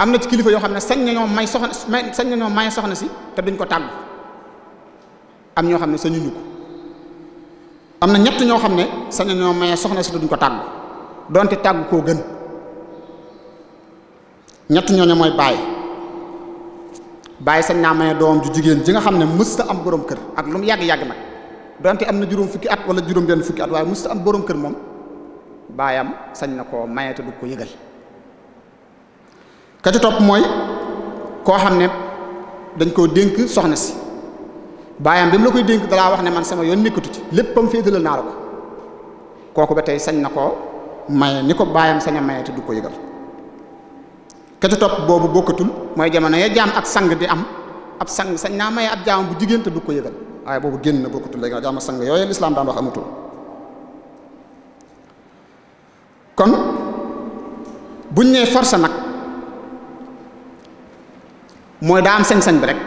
kili ci kilifa yo xamne ne sañ ñoo may soxna sañ ñoo may soxna si te duñ ko am ñoo xam ne sañuñu ko am na ñett ñoo xam ne sañu ñoo soxna si duñ ko tàggu donte tàggu koo gën ñett ñoo mooy baay bàyyi sañ naa maye doom ju jigéen ji nga xam ne mësta am borom kër ak lu mu yàgg-yàgg nag donte am na juróom fukki at wala juróom benn fukki at waaye mësta am borom kër moom baayam sañ na koo maye te du ko yëgal ka mooy koo xam ne dañ koo dénk soxna si baayam bi mu la koy dénk dalaa wax ne man sama yoon nekkatu ci léppam féetalal naa la ko kooku ba tey sañ na ko maye ni ko baayam sañ a maye te du ko yëgal ke topp boobu bokkatul mooy jamono ya jaam ak sang di am ab sang sañ naa maye ab jaam bu jigéen te du ko yëgal waaye boobu génn na bokkatul léegi nag jaam ak sang yooyu lislaam daan wax amatul kon buñ ne force nag mooy daa am sañ-sañ bi rek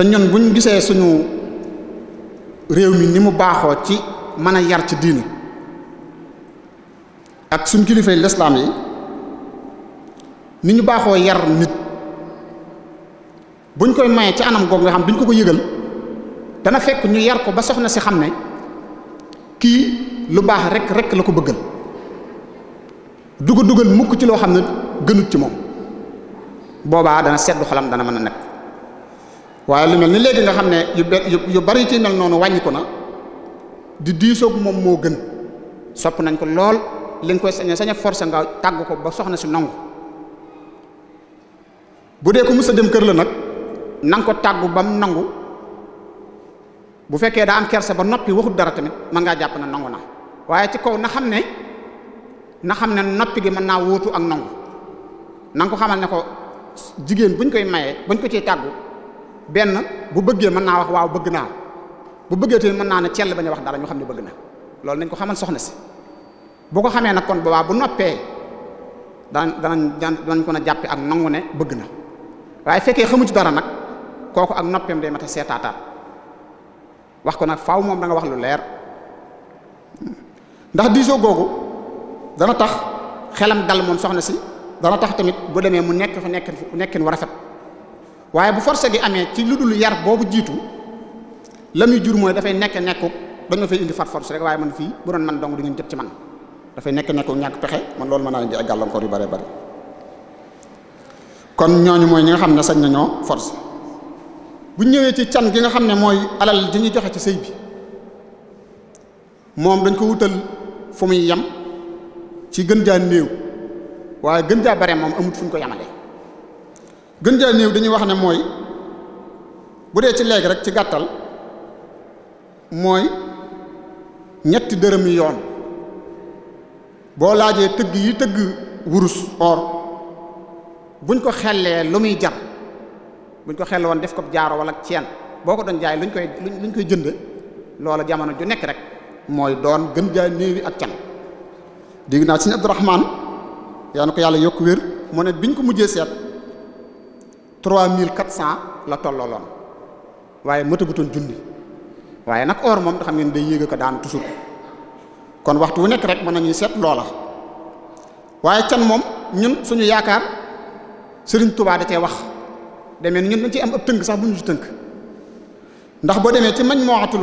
te ñun buñu gisé suñu réew mi ni mu baxo ci mëna yar ci diin ak suñu kilifay l'islam yi ni ñu baxo yar nit buñ koy maye ci anam gog nga xam duñ ko ko yëgal dana fekk ñu yar ko ba soxna si xamne ki lu bax rek rek la ko bëggal du dugal mukk ci lo xamne gënut ci mom boba dana xolam dana mëna a nekk waaye lu mel ni léegi nga xam ne yu yu bari ci mel noonu wàññiku na di diisoog moom moo gën sopp nañ ko lool li koy sañe saña forcé nga tàgg ko ba soxna si nangu bu dee ko mës a dem kër la nag nanga ko tàggu ba mu nangu bu fekkee daa am kersa ba noppi waxut dara tamit mën ngaa jàpp na nangu na waaye ci kaw na xam ne na xam ne noppi gi mën naa wóotu ak nangu na ko xamal ne ko jigéen buñ koy mayee buñ ko ciy tàggu benn bu bëggee mën naa wax waaw bëgg naa bu bëggee tamit mën naa ne cell bañ a wax dara ñu xam ne bëgg na loolu nañ ko xamal soxna si bu ko xamee nag kon boobaa bu noppee danañ danañ danañ ko na jàppe ak nangu ne bëgg na waaye fekkee xamu ci dara nag kooku ak noppeem day mat a seetaataat wax ko nag faaw moom da wax lu leer ndax diisoo googu dana tax xelam dal moom soxna si dana tax tamit bu demee mu nekk fa nekk nekkin wu rafet waaye bu forcé gi amee ci lu dul yar boobu jiitu la muy jur mooy dafay nekk nekkuk dañu fay indi far force rek waaye man fii bu doon man dong du ngeen jot ci man dafay nekk nekkuk ñàkk pexe man loolu mën naa indi ay gàllankoor yu bare bare kon ñooñu mooy ñi nga xam ne sañ nañoo force bu ñëwee ci can gi nga xam ne mooy alal di ñuy joxe ci sëy bi moom dañ ko wutal fu muy yem ci gën jaa néew waaye gën jaa bare moom amut fu ñu ko yemale gën jaa néew dañuy wax ne mooy bu dee ci léegi rek ci gàttal mooy ñetti dërëmi yoon boo laajee tëgg yi tëgg wurus or buñ ko xellee lu muy jar buñ ko xelle woon def ko jaaro wala ceen boo ko doon jaay luñ koy luñ koy jënd loola jamono ju nekk rek mooy doon gën jaay néewi ak can dégg naa sëñ Abdourahman yaa na ko yàlla yokk wér mu ne biñ ko mujjee seet 3400 la tollooloon waaye matagutoon junni waye nak or mom xam ngeen day yéeg ko daan toujours kon waxtu wu nekk rek mën nañuy seet loola waaye can moom ñun suñu yaakaar Serigne Touba da cee wax demee ñun ci am ab tënk sax bu ñu ndax boo demee ci mañ mooxatul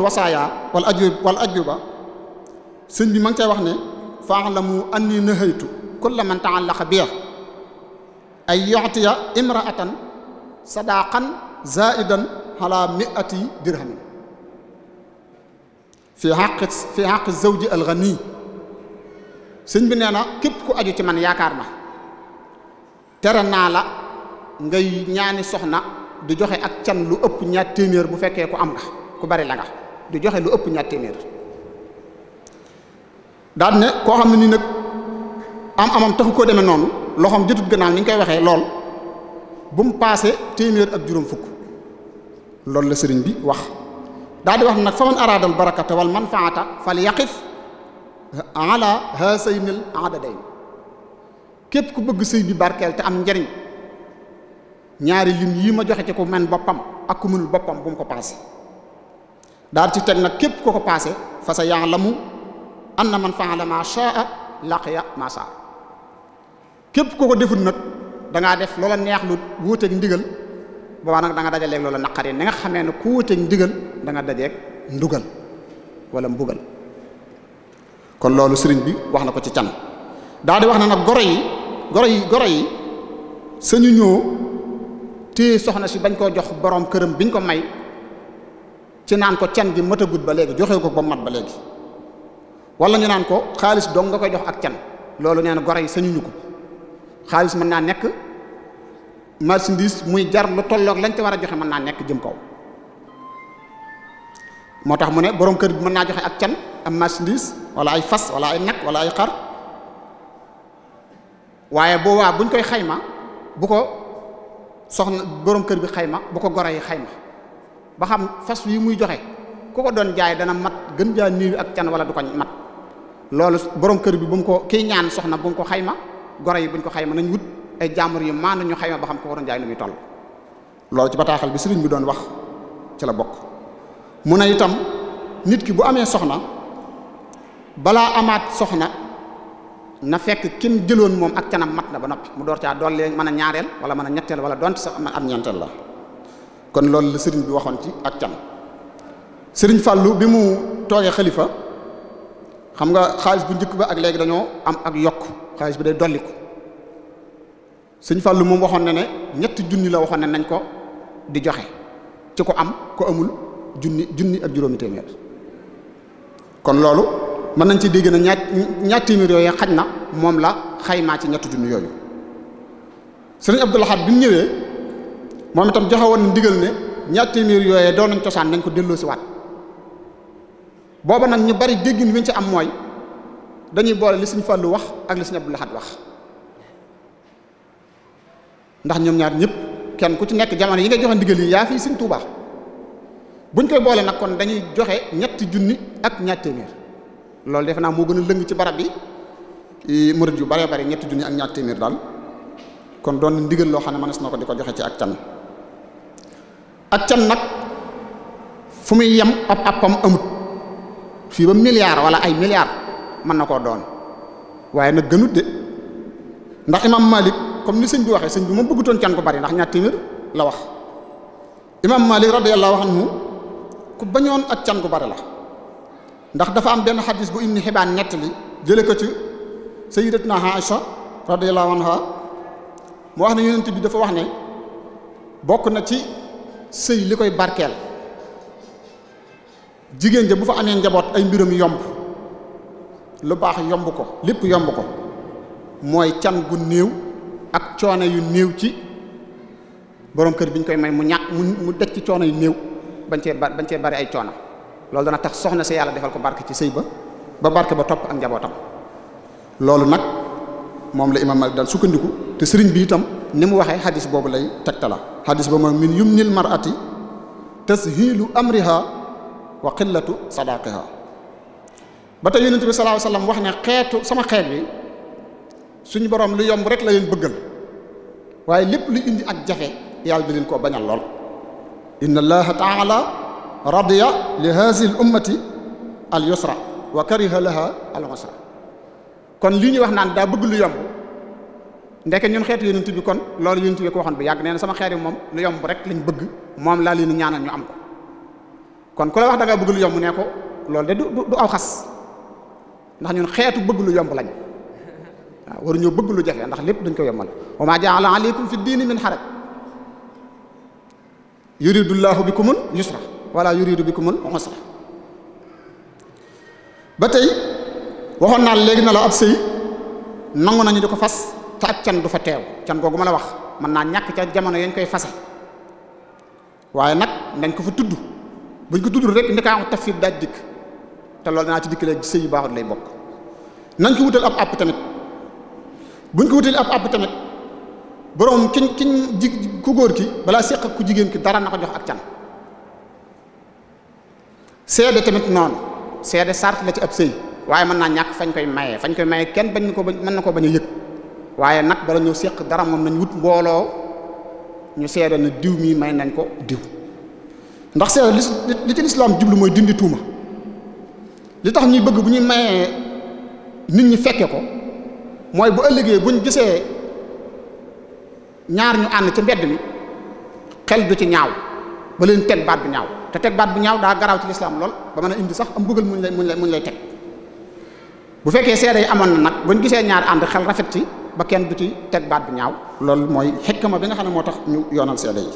wal aju wal aju sëñ bi ma ngi cay wax ne fa'lamu anni nahaytu kulla man ta'allaqa bi ay yu'tiya imra'atan sadaqan zaidan ala miati dirhamin fi xaq fi xaq zawji alxani sëñ bi nee na képp ku aju ci man yaakaar ma tere naa la ngay ñaani soxna di joxe ak can lu ëpp ñaar téeméer bu fekkee ku am nga ku bari la nga di joxe lu ëpp ñaar téeméer ne koo xam ne nii nag am amam taxu koo demee noonu loxoom jotut gannaaw ni ñu koy waxee lool bum passé témir ak djuroom fuk lolou la serigne bi wax dal di wax nak faman aradal barakata wal manfaata falyaqif ala hasaynil adadayn kep ku bëgg sëy bi barkel te am njariñ ñaari lim yi ma joxe ci ko man bopam ak ku mënul bopam bum ko passé dal ci tek nak kep ko ko passé fa sa ya'lamu anna man fa'ala ma sha'a laqiya ma sha'a kep ko ko defut nak dangaa def loola neex lu wuuteeg ndigal boobaa nag da nga dajaleeg loola naqari ni nga xamee ne ku wuuteeg ndigal da nga dajeeg ndugal wala mbugal kon loolu sëriñ bi wax na ko ci can daal di wax na nag goro yi goro yi goro yi sañu ñëw soxna si bañ koo jox borom këram biñ ko may ci naan ko can gi matagut ba léegi joxe ko ba mat ba léegi wala ñu naan ko xaalis dong nga koy jox ak can loolu nee na goro yi sañuñu ko xaalis mën naa nekk marchandise muy jar lu tolloog lañ ci war a joxe mën naa nekk jëm kaw moo tax mu ne borom kër bi mën naa joxe ak can am marchandise wala ay fas wala ay nag wala ay xar waaye boobaa buñ koy xayma bu ko soxna borom kër bi xayma bu ko xayma ba xam fas yi muy joxe ku ko doon jaay dana mat gën jaa néew ak can wala du ko mat loolu borom kër bi bu mu ko kiy ñaan soxna bu ko xayma goro yi buñ ko xayma nañ wut ay jàmbur yu maandu ñu xayma ba xam ko waroon jaay lu muy lool ci bataaxal bi sëriñ bi doon wax ca la bokk mu ne itam nit ki bu amee soxna balaa amaat soxna na fekk kenn jëloon moom ak canam mat na ba noppi mu door caa leen man a ñaareel wala man a ñetteel wala donte sax am ñeenteel la kon loolu la sëriñ bi waxoon ci ak can sëriñ Fallou bi mu toogee xalifa xam nga xaalis bu njëkk ba ak léegi dañoo am ak yokk xaalis bi day dolli ko sëñ Fallou moom waxoon na ne ñetti junni la waxon nañ ko di joxe ci ko am ko amul junni junni ak juromi téeméer kon lolu man nañ ci dégg na ñaar ñaar téeméer yooyu xajna mom la xaymaa ci ñetti junni yooyu seigne abdul Lahad bi ñewé mom tam joxawon ne ñaar téeméer yooyee do nañ cosaan nañ ko delo ci wat boba nak ñu bari wiñ ci am moy dañuy boole li suñ fallu wax ak li suñ abdou lahad wax ndax ñom ñaar ñep kenn ku ci nekk jamono yi nga joxe ndigal yi ya fi suñ touba buñ koy boole nak kon dañuy joxe ñetti junni ak ñaar témir lool def na mo gëna leung ci barab bi murid yu bari bari ñetti junni ak ñaar témir dal kon doon ndigal loo xam ne mënees na ko joxe ci ak tan ak tan nak fumuy yam ap apam amut fi ba milliard wala ay milliard mën na koo doon waaye nag gënut de ndax imam malik comme ni sëñ bi waxee sëñ bi moom bëggutoon can ko bari ndax ñaar téeméer la wax imam malik radiyallahu anhu ku bañoon ak can ko bari la ndax dafa am benn xadis bu ibni xibaan nettali jële ko ci naa sayyidatuna Aisha radiyallahu anha mu wax na yonent bi dafa wax ne bokk na ci sëy li koy barkeel jigéen ja bu fa amee njaboot ay mbiram yomb lu baax yomb ko lépp yomb ko mooy can gu néew ak coono yu néew ci borom kër bi ñu koy may mu ñàkk mu mu daj ci coono yu néew bañ cee ba bañ cee bari ay coono loolu dana tax soxna si yàlla defal ko barke ci sëy ba ba barke ba topp ak njabootam loolu nag moom la imaam Maalik daal sukkandiku te sëriñ bi itam ni mu waxee xadis boobu lay tegtala xadis ba mooy min yumnil mar'ati tashilu amriha wa qillatu sadaqiha ba tey yonent bi sallallahu alayhi wasallam wax ne xeetu sama xeet bi suñu borom lu yomb rek la leen bëggal waaye lépp lu indi ak jafe yàlla bi leen ko bañal lool inna allaha taala radiya li haazihil ummati al yusra wa kariha laha al usra kon lii ñuy wax naan daa bëgg lu yomb ndeke ñun xeetu yonent bi kon loolu yonent bi ko waxoon bu yàgg nee na sama xeet bi moom lu yomb rek lañ bëgg moom laa leen ñaanal ñu am ko kon ku la wax da bëgg lu yomb nee ko loolu de du aw xas ndax ñun xeetu bëgg lu yomb lañ waru ñu bëgg lu jafe ndax lépp dañ ko yomal wa ma jaala alaykum fi diini min haraj yuridu llahu bikum yusra wala yuridu bikum usra batay waxon na naa na la ab sëy nangu nañu diko fas te ak du fa tew cyan gogu mala wax man na ñak ca jamono yeen koy fase waye nak nañ ko fa tuddu buñ ko tuddu rek ndika ndikaaw tafsir daj dik te loolu danaa ci dikk léegi sëy yu baaxut lay bokk nañ ko wutal ab àpp tamit buñ ko wutalee ab àpp tamit borom kiñ kiñ ji ku góor ki balaa seq ku jigéen ki dara na ko jox ak can seede tamit noonu seede sart la ci ab sëy waaye mën naa ñàkk fañ koy mayee fañ koy mayee kenn bañ ko mën na ko bañ a yëg waaye nag bala ñoo seq dara moom nañ wut mbooloo ñu seede na diw mi may nañ ko diw ndax seede li li ci lislaam jublu mooy dindi li tax ñuy bëgg bu ñuy mayee nit ñi fekke ko mooy boo ëllëgee buñ gisee ñaar ñu ànd ci mbedd mi xel du ci ñaaw ba leen teg baat bu ñaaw te teg baat bu ñaaw daa garaaw ci lislaam lool ba mën a indi sax am bëggal mu lay muñ lay muñ lay teg bu fekkee seede yi amoon na nag buñ gisee ñaar ànd xel rafet ci ba kenn du ci teg baat bu ñaaw loolu mooy xikma bi nga xam ne moo tax ñu yoonal seede yi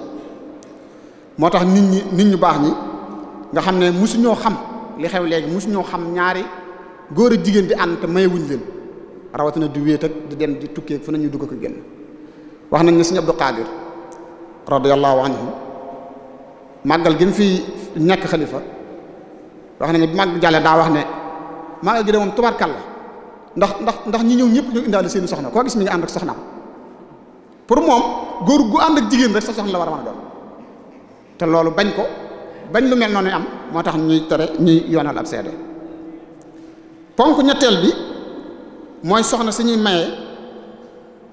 moo tax nit ñi nit ñu baax ñi nga xam ne musuñoo xam li xew léegi mosuñoo xam ñaari góor ak jigéen di ànd te mayewuñ leen rawatina di wéet ak di dem di tukkee fu ñuy dugg ko génn wax nañ ne Sëriñ Abdou Qadir radiyallahu anhu màggal gi mu fi nekk xalifa wax nañ bi màgg jàlle daa wax ne màggal gi de moom tubarkal la ndax ndax ndax ñi ñëw ñëpp ñu indaale seeni soxna koo gis mi nga ànd ak pour moom góor gu ànd ak jigéen rek sa soxna la war a mën a doon te loolu bañ ko bañ lu mel noonu am moo tax ñuy tere ñuy yoonal ab seede ponk ñetteel bi mooy soxna suñuy maye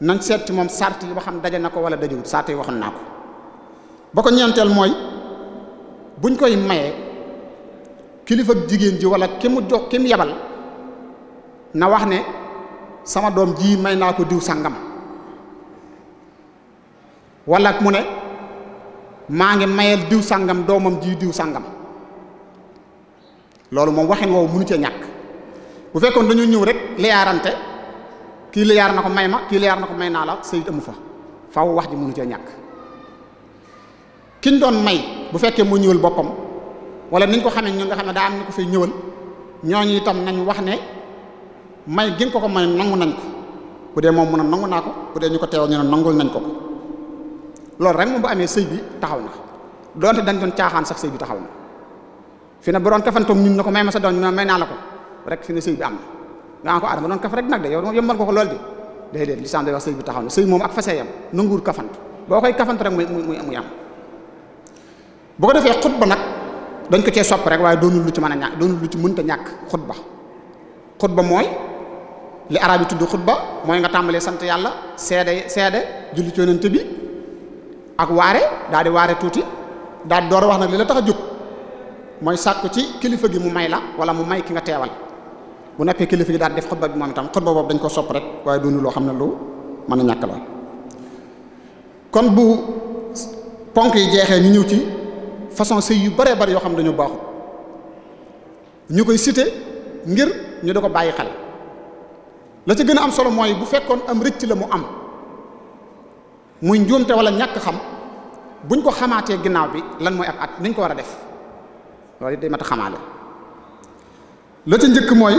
nañ seet ci moom sart yi ba xam daje na ko wala dajewut sart yi naa ko ba ko ñeenteel mooy buñ koy mayee kilifa jigéen ji wala ki mu jox ki mu na wax ne sama doom ji may naa ko diw sangam wala mu ne maa ngi mayal diw sàngam doomam ji diw sàngam loolu moom waxin woowu munu cee ñàkk bu fekkoon dañu ñëw rek liyaarante kii liyaar na ko may ma kii liyaar na ko may naa la sayit amu fa faaw wax ji munu cee ñàkk kiñ doon may bu fekkee mu ñëwal boppam wala niñ ko xamee ñu nga xam ne daa am ñu ko fay ñëwal ñooñu itam nañ wax ne may gi nga ko ko may nangu nañ ko bu dee moom mu ne nangu naa ko bu dee ñu ko teew ñu ne nangul nañ ko ko loolu rek moom bu amee sëy bi taxaw na donte dañ doon caaxaan sax sëy bi taxaw na fi ne bu doon kafantoog ñun na ko may ma sa doon may naa la ko rek fi ne sëy bi am na nga ko adama doon kaf rek nag de yow yombal ko ko lool de déedéet lislaam day wax sëy bi taxaw na sëy moom ak fasee yam nanguwul kafant boo koy kafant rek muy muy muy am bu ko defee xutba nag dañ ko cee sopp rek waaye doonul lu ci mën a ñàkk doonul lu ci mënta ñàkk xutba xutba mooy li arab yi tudd xutba mooy nga tàmbalee sant yàlla seede seede julli ci yonent bi ak waare daa di waare tuuti daa di door wax nag li la tax a jóg mooy sàkku ci kilifa gi mu may la wala mu may ki nga teewal bu nekkee kilifa gi daal def xutba bi moom itam xutba boobu dañ ko sopp rek waaye dund loo xam ne lu mën a ñàkk la kon bu ponk yi jeexee ñu ñëw ci façon sëy yu bare bari yoo xam ne dañu baaxut ñu koy site ngir ñu da ko bàyyi xel la ci gën a am solo mooy bu fekkoon am rëcc la mu am muy njuumte wala ñàkk xam buñ ko xamaatee ginnaaw bi lan mooy ab at nuñ ko war a def loolu it day mat a xamaale la ca njëkk mooy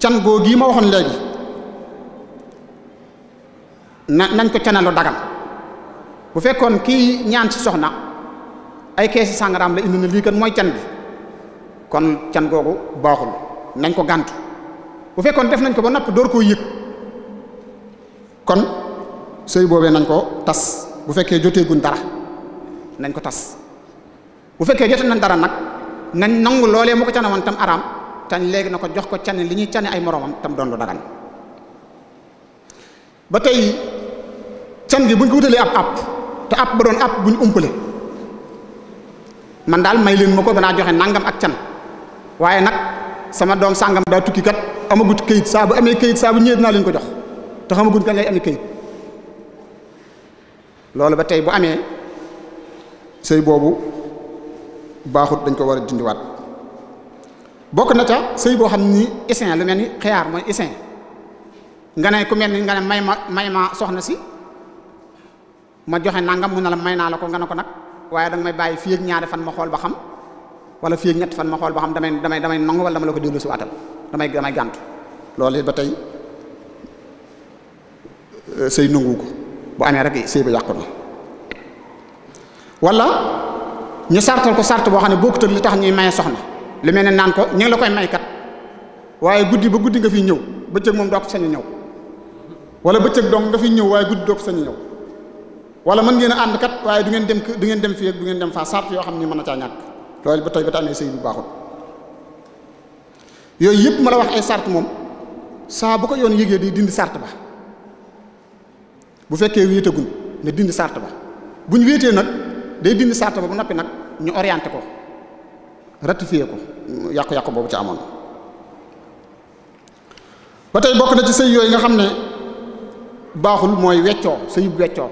can goo gii ma waxoon léegi na nañ ko canalu dagan bu fekkoon kii ñaan ci soxna ay keesi sàngaraam la indi na lii kan mooy can bi kon can googu baaxul nañ ko gàntu bu fekkoon def nañ ko ba nopp door koo yëg kon sëy boobee nañ ko tas bu fekkee joteeguñ dara nañ ko tas bu fekkee jote nañ dara nag nañ nangu loolee mu ko cane woon tam araam tañ léegi na ko jox ko cane li ñuy cane ay moroomam tam doon lu dagan ba tey can bi buñ ko wutalee ab app te app ba doon app buñ umpale man daal may leen ma ko danaa joxe nangam ak can waaye nag sama doom sàngam daa tukki kat amagut kayit saa bu amee kayit saabu bu ñëwee dinaa leen ko jox te xamagut kañ lay amee kayit loolu ba tey bu amee sëy boobu baaxut dañ ko war a dindiwaat bokk na ca sëy boo xam ni isin lu mel ni xiyaar mooy isin nga ne ku mel ni nga ne may ma may ma soxna si ma joxe nangam mu ne la may naa la ko nga ne ko nag waaye danga may bàyyi fii ak ñaari fan ma xool ba xam wala fii ak ñett fan ma xool ba xam damay damay damay nangu dama la ko dellu si waatal damay damay gàntu loolu ba tey euh, sëy nangu ko bu amee rek sëy ba yàqu wala ñu sartal ko sart boo xam ne boo bokkutal li tax ñuy maye soxna lu mel ne naan ko ñu la koy may kat waaye guddi ba guddi nga fiy ñëw bëccëg moom doo ko sañ ñëw wala bëccëg dong nga ñëw waaye guddi doo ko sañ wala mën ngeen ànd kat waaye du ngeen dem du ngeen dem fii ak du ngeen dem faa sart yoo xam ne mën a caa ñàkk loolu ba tey ba ta amee sëy bu baaxul yooyu yëpp ma la wax ay sart moom saa bu ko yoon yëgee di dindi sart ba bu fekkee wéetaguñ ne dindi sart ba bu ñu wéetee nag day dindi sart ba bu noppi nag ñu orienté ko ratifié ko yàqu-yàqu boobu ci amoon ba tey bokk na ci sëy yooyu nga xam ne baaxul mooy weccoo sëyub weccoo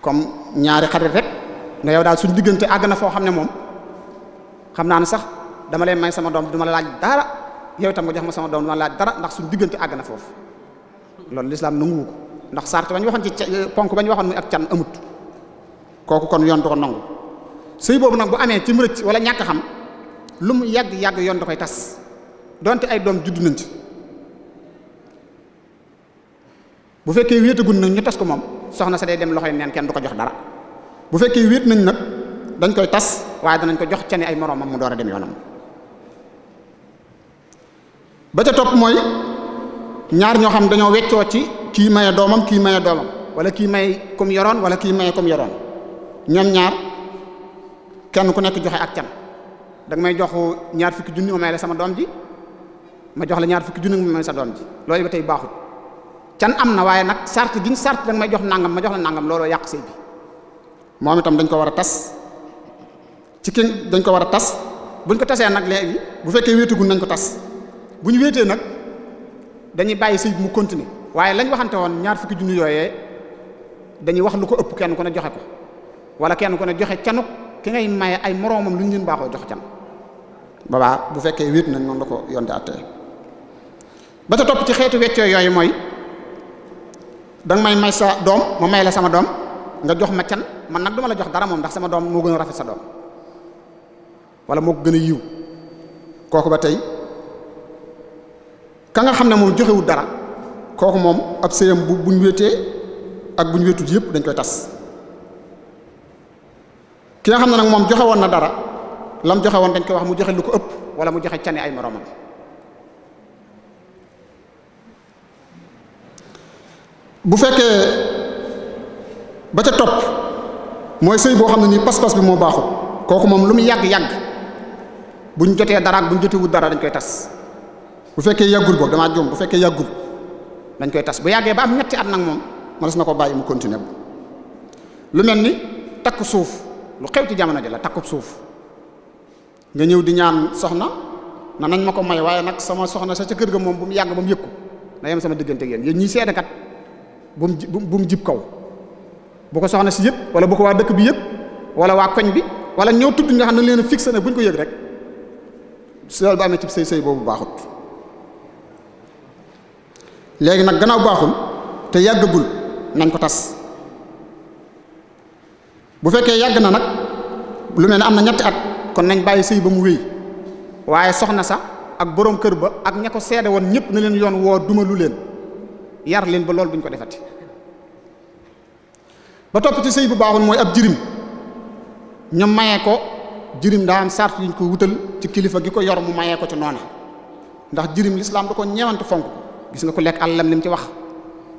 comme ñaari xarit rek nga yow daal suñu diggante àgg na foo xam ne moom xam naa ne sax dama lay may sama doom duma laaj dara yow itam nga jox ma sama doom duma laaj dara ndax suñ diggante àgg na foofu loolu lislaam nanguwu ko ndax sart ba ñu waxoon ci euh, ponk ba ñu waxoon muy ak can amut kooku kon yoon du ko nangu sëy boobu nag bu amee ci mërëj wala ñàkk xam lu mu yàgg-yàgg yoon da koy tas donte ay doom juddu nañ ci bu fekkee wéetagun nañ ñu tas ko moom soxna sa day dem loxoy neen kenn du ko jox dara bu fekkee wéet nañ nag dañ koy tas waaye danañ ko jox cani ay moroomam mu door a dem yoonam ba ca topp mooy ñaar ño xam dañoo weccoo ci ki maye doomam ki maye doomam wala ki may kum yoron wala ki maye kum yoron ñom ñaar kenn ku nekk joxe ak can dag may joxu ñaar fukki junni ma may la sama doom ji ma jox la ñaar fukki junni ma may sa doom ji loolu ba tay am waye nak sart giñ sart dag may jox nangam ma jox la nangam looloo yaq sey bi moom itam dañ ko wara tass tas ci ki dañ ko wara tass buñ ko tassé nak légui bu fekkee wéetagun nañ ko tass buñ wété nak dañuy bàyyi sëy bi mu continuer waaye lañ waxante woon ñaar fukki junni yooyee dañuy wax lu ko ëpp kenn ko ne joxe ko wala kenn ku ne joxe canuk ki ngay maye ay moroomam ñu leen baaxoo jox can boobaa bu fekkee wéet nañ noonu la ko yonte attee ba ca topp ci xeetu weccoo yooyu mooy danga may may sa doom ma may la sama doom nga jox ma can man nag duma la jox dara moom ndax sama doom moo gën a rafet sa doom wala moo gën a yiw kooku ba tey ka nga xamne mom joxewu dara koku mom ab seyam bu buñ wété ak buñ wéetut yépp dañ koy tass ki nga xamne nak mom joxewon na dara lam joxewon dañ koy wax mu joxe lu ko ëpp wala mu joxe cane ay moromam bu fekkee ba ca top moy sey bo xamne ni pass pass bi mo baxu koku mom lu mu yag yag buñ joté dara ak buñ jotewul dara dañ koy tass bu fekke yagul boobu dama jom bu fekke yagul dañ koy tass bu yagge ba am ñetti at nak mom ma des na bayyi mu continuer lu melni takku suuf lu xew ci jamono ji la takku suuf nga ñew di ñaan soxna na nañ mako may waye nak sama soxna sa ci kër ga mom bu mu yag bu mu yëg na yam sama digënté ak yeen yeen ñi sédé kat bu mu bu mu jip kaw bu ko soxna ci yépp wala bu ko wa dëkk bi yépp wala wa koñ bi wala ñëw tuddu nga xamna leena fixé na buñ ko yëg rek su ba am ci sey sey bobu baaxut léegi nag gannaaw baaxul te yàggagul nañ ko tas bu fekkee yàgg na nag lu mel ne am na ñetti at kon nañ bàyyi sëy ba mu wéy waaye soxna sa ak boroom kër ba ak ña ko seede woon ñëpp na leen yoon woo dumalu leen yar leen ba loolu buñ ko defati ba topp ci sëy bu baaxul mooy ab jirim ñu mayee ko jirim daa am sart yuñ ko wutal ci kilifa gi ko yor mu mayee ko ci noona ndax jirim lislaam da ko ñeewante fonk gis nga ko lekk àllam ni mu ci wax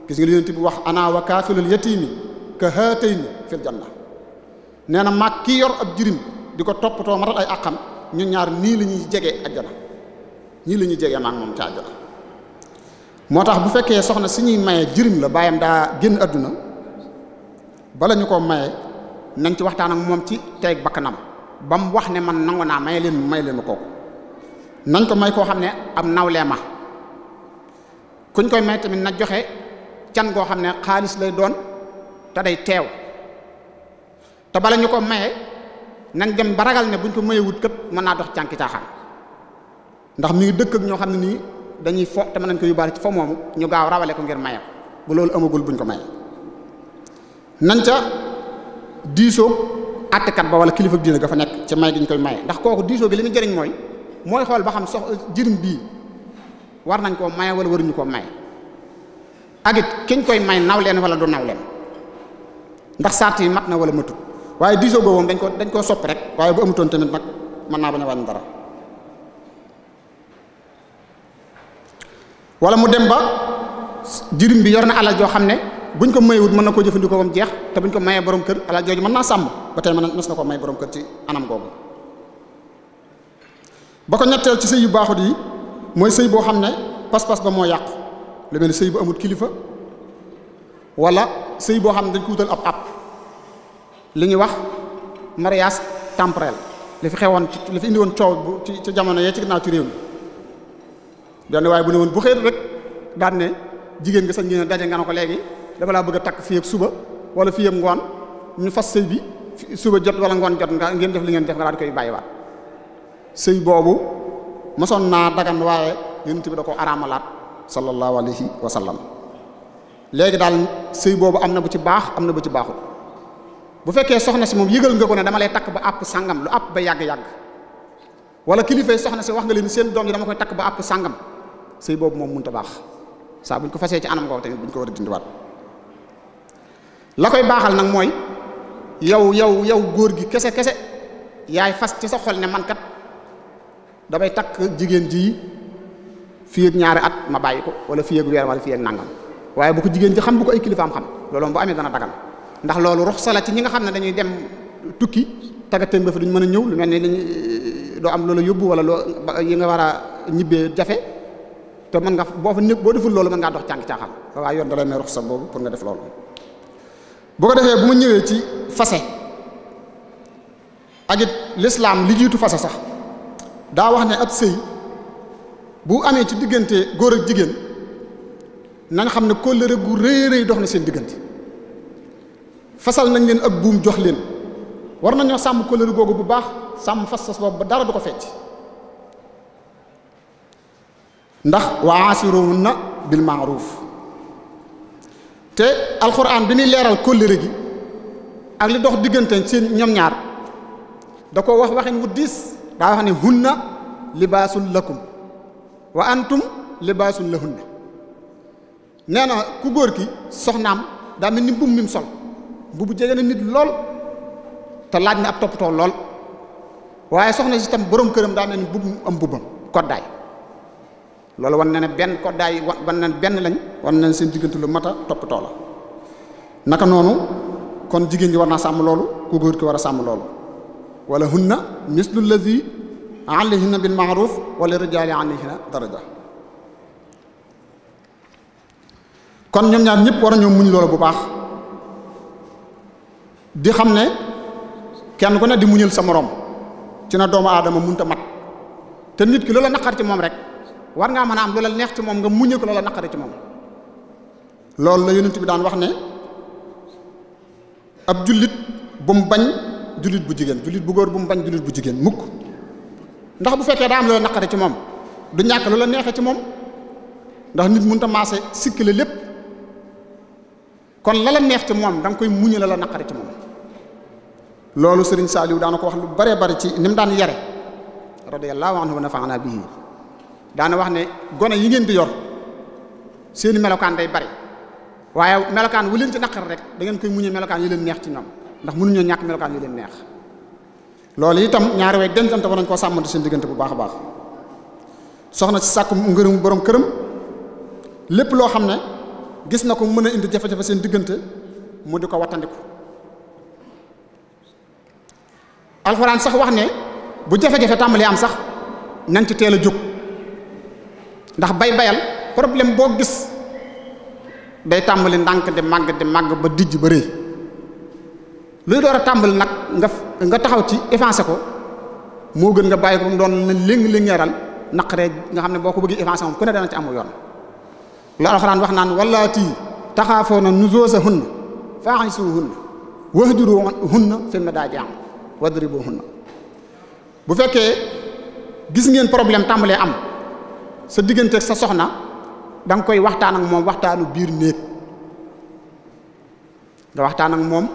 gis nga li yonent bi wax ana wa kaafilul yatiimi ka haatayni fil janna nee na maag kii yor ab jirim di ko toppatoo matal ay àqam ñu ñaar nii la ñuy jege àjjana nii la ñuy jege maag moom ci àjjana moo tax bu fekkee soxna si ñuy mayee jirim la bàyyam daa génn àdduna bala ñu ko maye nañ ci waxtaan ak moom ci teeg bakkanam ba mu wax ne man nangu naa maye leen may leen ma kooku nañ ko may koo xam ne am nawlee ma kuñ koy may tamit na joxe can goo xam ne xaalis lay doon te day teew te bala ñu ko maye nan dem ba ragal ne buñ ko mayee wut këpp mën naa dox cànki caaxaan ndax mii ngi dëkk ñoo xam ne nii dañuy fo te mën nañ ko yóbbaale ci fo moomu ñu gaaw rawale ko ngir maye bu loolu amagul buñ ko maye nañ ca diisoo àttekat ba wala kilifa diina ga nekk ci may gi ñu koy maye ndax kooku diisoo gi li muy jëriñ mooy mooy xool ba xam sox jirim bii war nañ koo maye wala waruñu koo maye ak kiñ koy may naw leen wala du naw leen ndax sart yi mat na wala matut waaye diisoo boobu moom dañ ko dañ koo soppi rek waaye bu amutoon tamit nag mën naa bañ a wàññi dara mu dem ba jirim bi yor na alal joo xam ne buñ ko mayewut mën na koo jëfandikoo jeex te buñ ko mayee borom kër alal jooju mën naa sàmm ba tey mën na mës na koo may borom kër ci anam googu ba ko ñetteel ci sëy yu baaxut yi mooy sëy boo xam ne pas-pas ba moo yàqu lu mel ne sëy bu amul kilifa walla sëy boo xam ne dañ ko wutal ab ab li ñuy wax mariage temporel li fi xewoon li fi indi woon coow bu ci ci jamono yee ci ginnaaw ci réew mi bu ne bu xëy rek jigéen nga sax ngeen daje nga ko léegi dama laa bëgg takk fii yëpp suba wala fi ak ngoon ñu fas sëy bi suba jot wala ngoon jot nga ngeen def li ngeen def nga daal di koy bàyyiwaat sëy boobu. mason na dagan waye yonent bi da aramalat sallallahu Alaihi Wasallam. sallam dal sey bobu amna bu ci bax amna bu ci baaxut bu fekke soxna si mom yegal nga ko ne dama lay tak ba app sangam lu app ba yag yag wala kilife soxna si wax nga len sen doom dama koy tak ba app sangam sey bobu mom munta bax sa buñ ko fasé ci anam ngoo tamit buñ ko wara dindi wat la koy baxal nak moy yow yow yow gi kese kese yaay fas ci sa xol ne man kat damay takk jigéen ji fii ak ñaari at ma bàyyi ko wala fii ak weer wala fii ak nangam waaye bu jigéen ji xam bu ay kilifaam xam loolu bu amee dana dagal ndax loolu ruxsa la ci ñi nga xam ne dañuy dem tukki taggatam ba fa duñ mën a ñëw lu mel ni lañ eh, doo am loola yóbbu wala loo yi nga war a ñibbee jafe te mën nga boo fa nekk boo deful loolu mën ngaa dox càng caaxaan waaye yoon da lay may boobu pour nga def loolu. bu defee bu ma ñëwee ci fase ak it l'islam li jiitu fase sax. daa wax ne ak sëy bu amee ci diggante góor ak jigéen nañ xam ne kóllëre gu rëy rëy dox na seen diggante fasal nañ leen ak buum jox leen war nañoo sàmm kóllëre googu bu baax sàmm fas fas boobu ba dara du ko fecc ndax wa asiruhunna bil ma'ruf te alxuraan bi muy leeral kóllëre gi ak li dox diggante seen ñoom ñaar da ko wax waxin wu diis daa wax ne na libaasul lakum wa antum libaasul la hunna nee na ku góor ki soxnaam daa mel ni mbubb mi mu sol mbubb jege na nit lool te laaj na ab toppatoo lool waaye soxna si tam këram daa mel ni mbubb am mbubbam koddaay loolu wan na ne benn koddaay wan na benn lañ wan na ne seen diggante lu mat a toppatoo la naka noonu kon jigéen ji war naa sàmm loolu ku góor ki war a sàmm loolu ولهن مثل الذي عليهن بالمعروف وللرجال عليهن درجة kon ñoom ñaar ñëpp war nañoo muñ loolu bu baax di xam ne kenn ku ne di muñal sa morom ci na doomu aadama munta mat te nit ki loola naqar ci moom rek war ngaa mën a am loola neex ci moom nga muñal ko loola naqari ci moom loolu la yonent bi daan wax ne ab jullit bu mu bañ jullit bu jigéen jullit bu góor bu mu bañ jullit bu jigéen mukk ndax bu fekkee daa am loola naqari ci moom du ñàkk lu la neexee ci moom ndax nit mënut a maase sikkile lépp kon la la neex ci moom da nga koy muñu la la naqari ci moom loolu Serigne Saliou daana ko wax lu bare bari ci ni mu daan yare radiyallahu anhu wa nafa'ana bihi daana wax ne gone yi ngeen di yor seeni melokaan day bari waaye melokaan wu leen ci naqar rek da ngeen koy muñu melokaan yi leen neex ci ñoom ndax ñu ñak melokan yu leen neex loolu itam ñaari way denc am te war nañ koo sàmmante seen digënté bu baax baax soxna ci sakku ngeerum borom kërëm lepp lo xamne gis na mëna indi jafé jafé seen digënté mu di ko wattandiku sax wax ne bu jafé jafé tambali am sax nañ ci téla juk ndax bay bayal problème bo gis day tambali ndank di mag di mag ba dijj ba reuy luy door a tàmbali nag nga nga taxaw ci effacé ko moo gën nga bàyyi ko mu doon na léng-léngeeral naqaree nga xam ne boo ko bëggee effacé moom ku ne dana ci amu yoon la alxuraan wax naan wallaati taxaafoona nuzuuzahunna faaxisuuhunna wahjuruhunna fil madaaji' wadribuhunna bu fekkee gis ngeen problème tàmbalee am sa diggante sa soxna danga koy waxtaan ak moom waxtaanu biir néeg nga waxtaan ak moom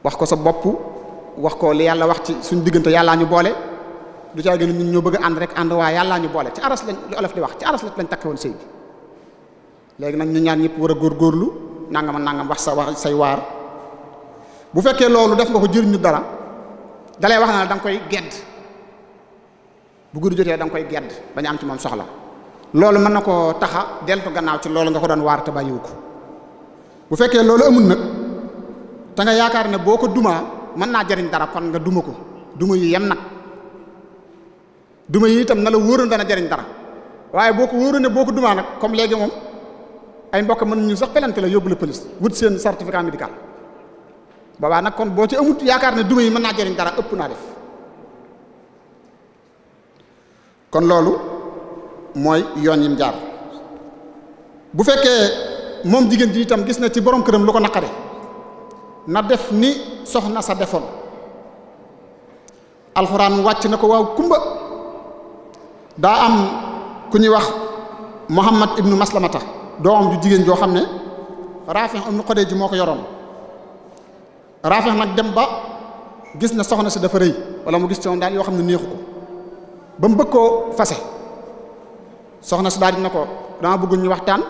wax ko sa bopp wax ko li yàlla wax ci suñ diggante yàllaa ñu boole du caa gën ñun ñoo bëgg ànd rek ànd waaye yàllaa ñu boole ci aras lañ li olof di wax ci aras lañ takke woon sëy bi léegi nag ñu ñaan ñëpp war a góorgóorlu nangam ak nangam wax sa wax say waar bu fekkee loolu def nga ko jëriñu dara dalay wax na da koy gedd bu guddi jotee da koy gedd bañu am ci moom soxla loolu mën na koo taxa deltu gannaaw ci loolu nga ko doon waar te bàyyiwu ko bu fekkee loolu amul nag te yaakaar ne boo ko dumaa mën naa jariñ dara kon nga duma ko duma yi yem nag duma yi itam na la wóoroon dana jariñ dara waaye boo ko wóoroon ne boo ko dumaa nag comme léegi moom ay mbokk mën ñu sax pelante la yóbbu la police wut seen certificat médical boobaa nag kon boo ci amut yaakaar ne duma yi mën naa jariñ dara ëpp naa def kon loolu mooy yoon yim jaar bu fekkee moom jigéen ji itam gis na ci borom këram lu ko naqare na def ni soxna sa defon alquran wàcc nako waw kumba da am ku wax muhammad ibnu maslamata doomam ju jigen jo xamne rafih ibn ibnu moko yoron rafih nak dem ba gis na soxna sa dafa reuy wala mu gis ci moom yo xamne neexuko bam bekk ko fase soxna sa dal dina ko dama bëgg ñu waxtaan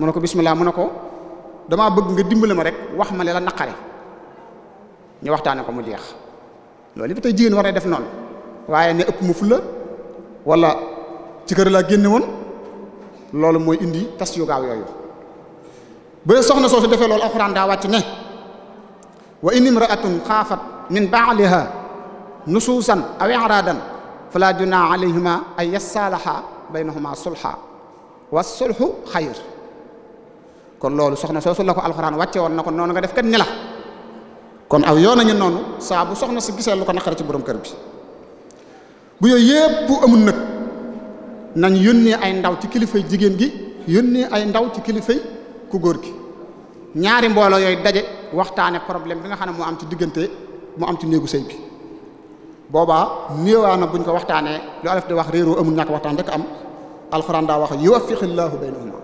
mu bismillah mu ne bëgg nga dimbale ma rek wax ma la naqare ñu waxtaane ko mu jeex loolu yëpp tey jigéen war def non waye ne ëpp mu fula wala ci kër la genn won loolu moy indi tas yu gaaw yooyu ba soxna soso defé loolu alquran da wàcc ne wa in imraatun xaafat min ba'liha nususan aw i'radan fala junaa alayhima ay yasalaha baynahuma sulha was sulhu xayr kon loolu soxna soso lako alquran alxuraan wàcce woon na ko nga def kat ni la kon aw yoon nañu nonu sa bu soxna ci gisee lu ko naqari ci borom kër bi bu yooyu yépp amul nag nañ yonne ay ndaw ci kilifa jigen gi yonne ay ndaw ci kilifa ku gor gi ñaari mbolo yoy daje waxtane problème bi nga xam mo am ci digënté mo am ci néegu sëy bi boba néewaana buñ ko waxtane lu alaf di wax reeru amul ñak waxtane rek am alxuraan da wax yuwaffiqillaahu baynahuma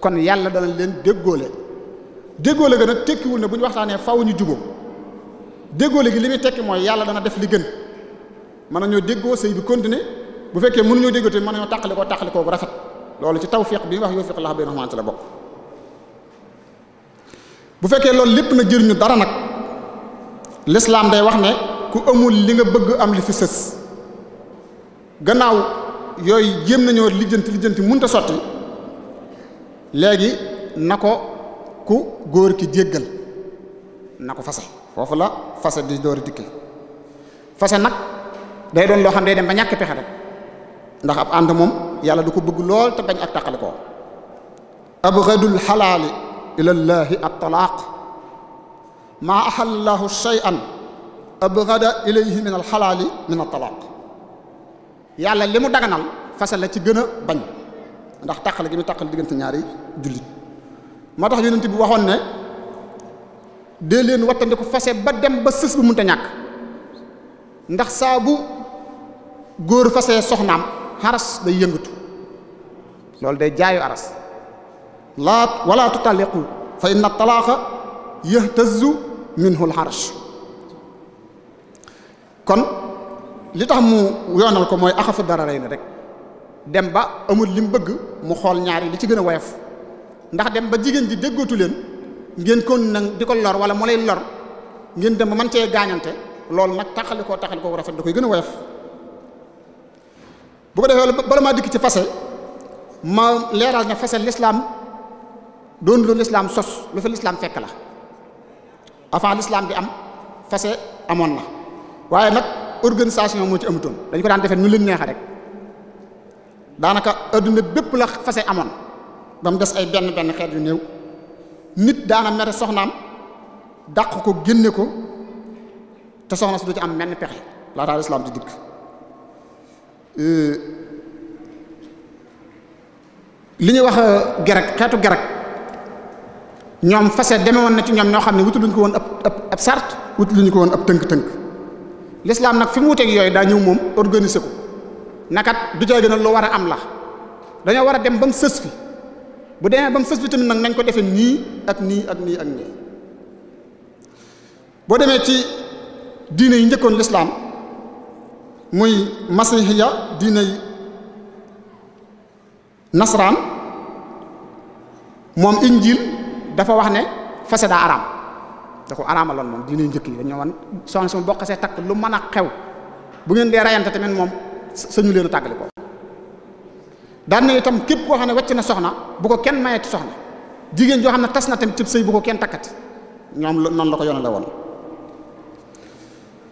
kon yàlla dana len deggolé deggolé ga nak tekki wul ne buñ waxtane waxtaanee ñu jubóo déggoo léegi li muy tekki mooy yàlla dana def li gën mën nañoo déggoo sëy bi continuer bu fekkee mënuñoo déggoo te mën nañoo tàqali koo tàqali koo bu rafet loolu ci tawfiq bi wax yoofiq la baynahuma la bokk bu fekkee loolu lépp na jëriñu dara nag l'islam day wax ne ku amul li nga bëgg am li fi sës gannaaw yooyu jéem nañoo lijjanti lijjanti mënta sotti léegi na ko ku góor ki jéggal na ko fasal foofu la fase di door a dikke fase nag day doon loo xam day dem ba ñàkk pexe rek ndax ab ànd moom yàlla du ko bëgg lool te bañ ak tàqale koo abghadul xalaali ilallaahi at-talaaq maa ahallallaahu shay'an abghada ilayhi min alxalaali min at-talaaq yàlla li mu daganal fase la ci gën a bañ ndax tàqale gi mu tàqal diggante ñaari jullit moo tax yonent bi waxoon ne de leen wattandiku fase ba dem ba sës bu mënta ñàkk ndax saa bu góor fasee soxnaam xaras day yëngatu loolu day jaayu aras laa wala tutaliqu fa na talaaqa yahtazu minhu al-xaras kon li tax mu yoonal ko mooy axafu dara rey na rek dem ba amul li mu bëgg mu xool ñaari li ci gën a woyof ndax dem ba jigéen ji déggootu leen ngeen kon nag di ko lor wala moo lay lor ngeen dem ba man cee gaañante loolu nag taxali koo taxali koo rafet da koy gën a woyof bu ko defee bala maa dikk ci fase ma leeral ne fase lislaam doon lu lislaam sos lu fi lislaam fekk la avant lislaam bi am fase amoon na waaye nag organisation moo ci amutoon dañ ko daan defee ñu leen neexa rek daanaka adduna bépp la fase amoon ba mu des ay benn benn xeet yu néew nit daana mer soxnam dàq ko génne ko te soxna su du ci am men pexe la ta lislaam di dikk li ñuy wax gerek xeetu gerek fassé démé won na ci ñom ño xamni ne wutu luñ ko won ap ap sart wutu luñ ko won ap teunk teunk l'islam nak fi mu ak yoy da ñëw mom organiser ko nakat du jëgëna gën a lu war am la dañu wara dem bam seuss fi bu demee ba mu sës bi tamit nag nañ ko defee nii ak nii ak nii ak nii boo demee ci diine yi njëkkoon lislaam muy masihiya diine yi nasraan moom injil dafa wax ne fase daa araam da ko araamaloon moom diine njëkk yi dañoo wan soxna su ma bokkasee takk lu mën a xew bu ngeen dee rayante tamit moom sañu leen a tàggali ko dañ itam képp ko xamne ne wàcc na soxna bu ko kenn mayati soxna jigéen jo xamne ne tas na tamit cib sëy bu ko kenn takkati ñom non la ko yoonale won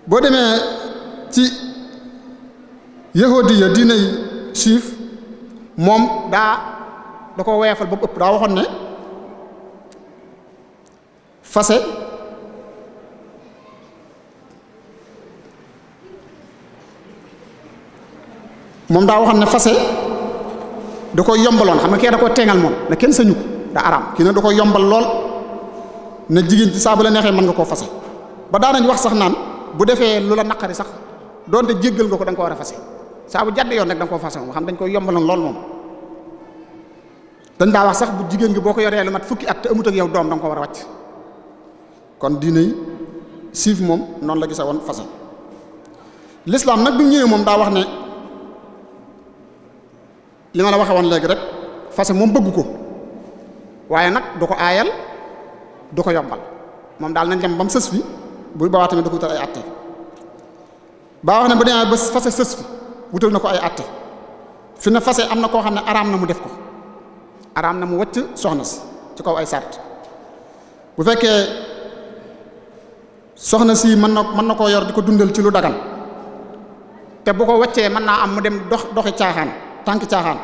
bo deme ci yahudiya diine yi chief mom da da ko wéfal ba ëpp daa waxoon ne fase mom da waxon ne fase da ko yombaloon xam nga kee da ko teengal moom ne kenn sañu ko da araam kii nag da ko yombal lool na jigéen ci saa bu la neexee mën nga koo fase ba daanañ wax sax naan bu defee lu la naqari sax doonte jéggal nga ko da ko war a fase saa bu jàdd yoon nag da nga koo fase moom xam dañ ko yombaloon lool moom dañ daa wax sax bu jigéen gi boo ko yoree lu mat fukki at te amut ak yow doom da ko war a wàcc kon diine yi siif moom noonu la gise woon fase l'islam li ma la waxe woon léegi rek fase moom bëgg ko waaye nag du ko aayal du ko yombal moom daal nañ dem ba sës fi bu boobaa tamit da ko wutal ay atte baa wax ne bu demee ba fase sës fi wutal na ko ay atte fi na fase am na koo xam ne araam na mu def ko araam na mu wacc soxna si ci kaw ay sart bu fekkee soxna si mën na mën na koo yor di ko dundal ci lu dagal te bu ko waccee mën naa am mu dem dox doxi caaxaan tànk caaxaan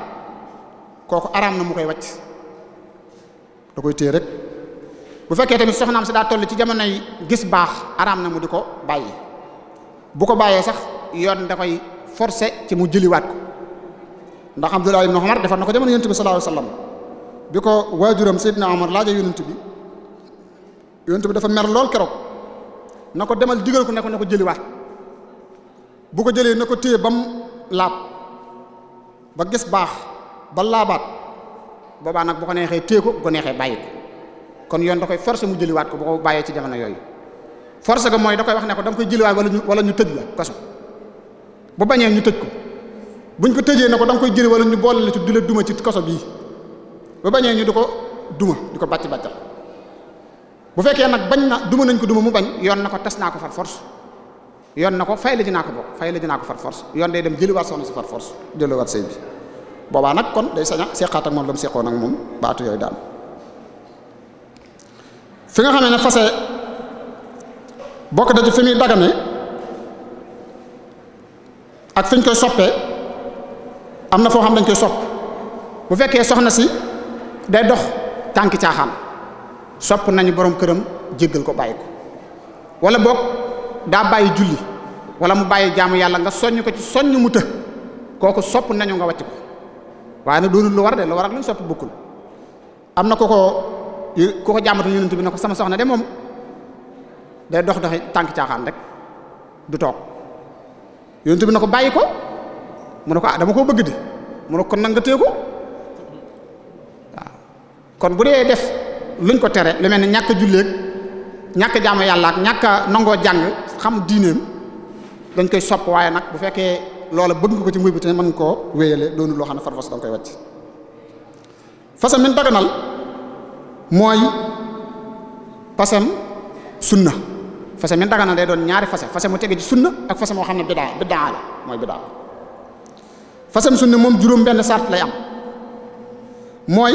kooku araam na mu koy wàcc da koy téye rek bu fekkee tamit soxnaam si daa toll ci jamonoy gis baax araam na mu di ko bàyyi bu ko bàyyee sax yoon da koy forcer ci mu jëliwaat ko ndax Abdullah ibn Umar defar na ko jamono yonent bi bi ko waajuram Seydina Umar laaja yonent bi yonent bi dafa mer lool keroog na ko demal digal ko ne ko jëliwaat bu ko jëlee na ko téye ba mu laab ba gis bax ba laabaat boobaa nak bu ko nexé téye bu ko nexé bàyyi ko kon yoon da koy forcé mu wat ko bu ko bayé ci jamono yoy forcé ga moy da koy wax ne ko dang koy jëli wat wala ñu wala ñu tejj la kasso bu bañé ñu tejj ko buñ ko tejjé ne ko koy jëli wala ñu bolé ci di duma ci kasso bi bu bañé ñu di duma diko ko bàcc bu fekkee nak bañ na duma nañ ko duma mu bañ yoon na ko tas naa ko far force yoon na ko fay la ji naa ko bokk fay la ji naa ko far force yoon day dem jëliwaat soxna si far jëliwaat sëy bi boobaa nag kon day saña seqaat ak moom la mu seqoon ak moom baatu yooyu daal fi nga xamee ne fase bokk da fi muy dagane ak fi ñu koy soppee am na foo xam dañ koy sopp bu fekkee soxna si day dox tànki caaxam sopp nañu borom këram jéggal ko bàyyi ko wala bokk da baye julli wala mu baye jaamu yalla nga soñu ko ci soñu muta koku kooku nañu nga wati ko waaye nag lu war de lu war ak lu ñu sopp amna koko koko ko ko ko bi nako sama soxna de mom day dox doxi tànk caaxaan rek du tok yonent bi nako bayiko ko mu ko ah, dama bëgg di mu kon kon bu dee def luñ ko tere lu melni ñak ñàkk ñak ñàkk jaamu yàlla ak ñàkk nango jang xam diineem dañ koy sopp waaye nag bu fekkee loola bëgg ko ci muy bi te mën koo wéyale doonu loo xam ne farfas da nga koy wàcc fasam min daganal mooy fasam sunna fase min daganal doon ñaari fase fase mu tege ci sunna ak fase moo xam ne bidaa bidaa la mooy bidaa sun sunna moom juróom benn sart lay am mooy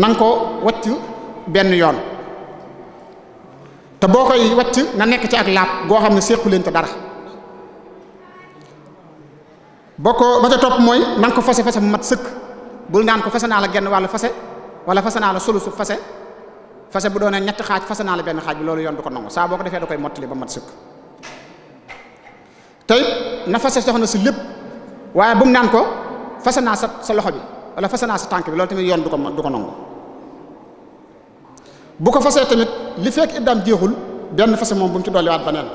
nanga ko wàcc benn yoon te boo koy wacc na nekk ci ak laab goo xam ne séqu leen te dara boo ko ba topp mooy na ko fase fase bu mat sëkk bul naan ko fase naa la genn wàllu fase wala fase naa la sulusu fase fase bu doonee benn xaaj bi loolu yoon du ko nangu saa boo ko defee da koy mottali ba mat sëkk tey na fase soxna si lépp waaye bu mu naan ko fase naa sa sa loxo bi wala fase naa sa tànk bi loolu tamit yoon du ko du ko nangu bu ko fasee tamit li fekk iddaam jeexul benn fase moom bu mu ci dolliwaat beneen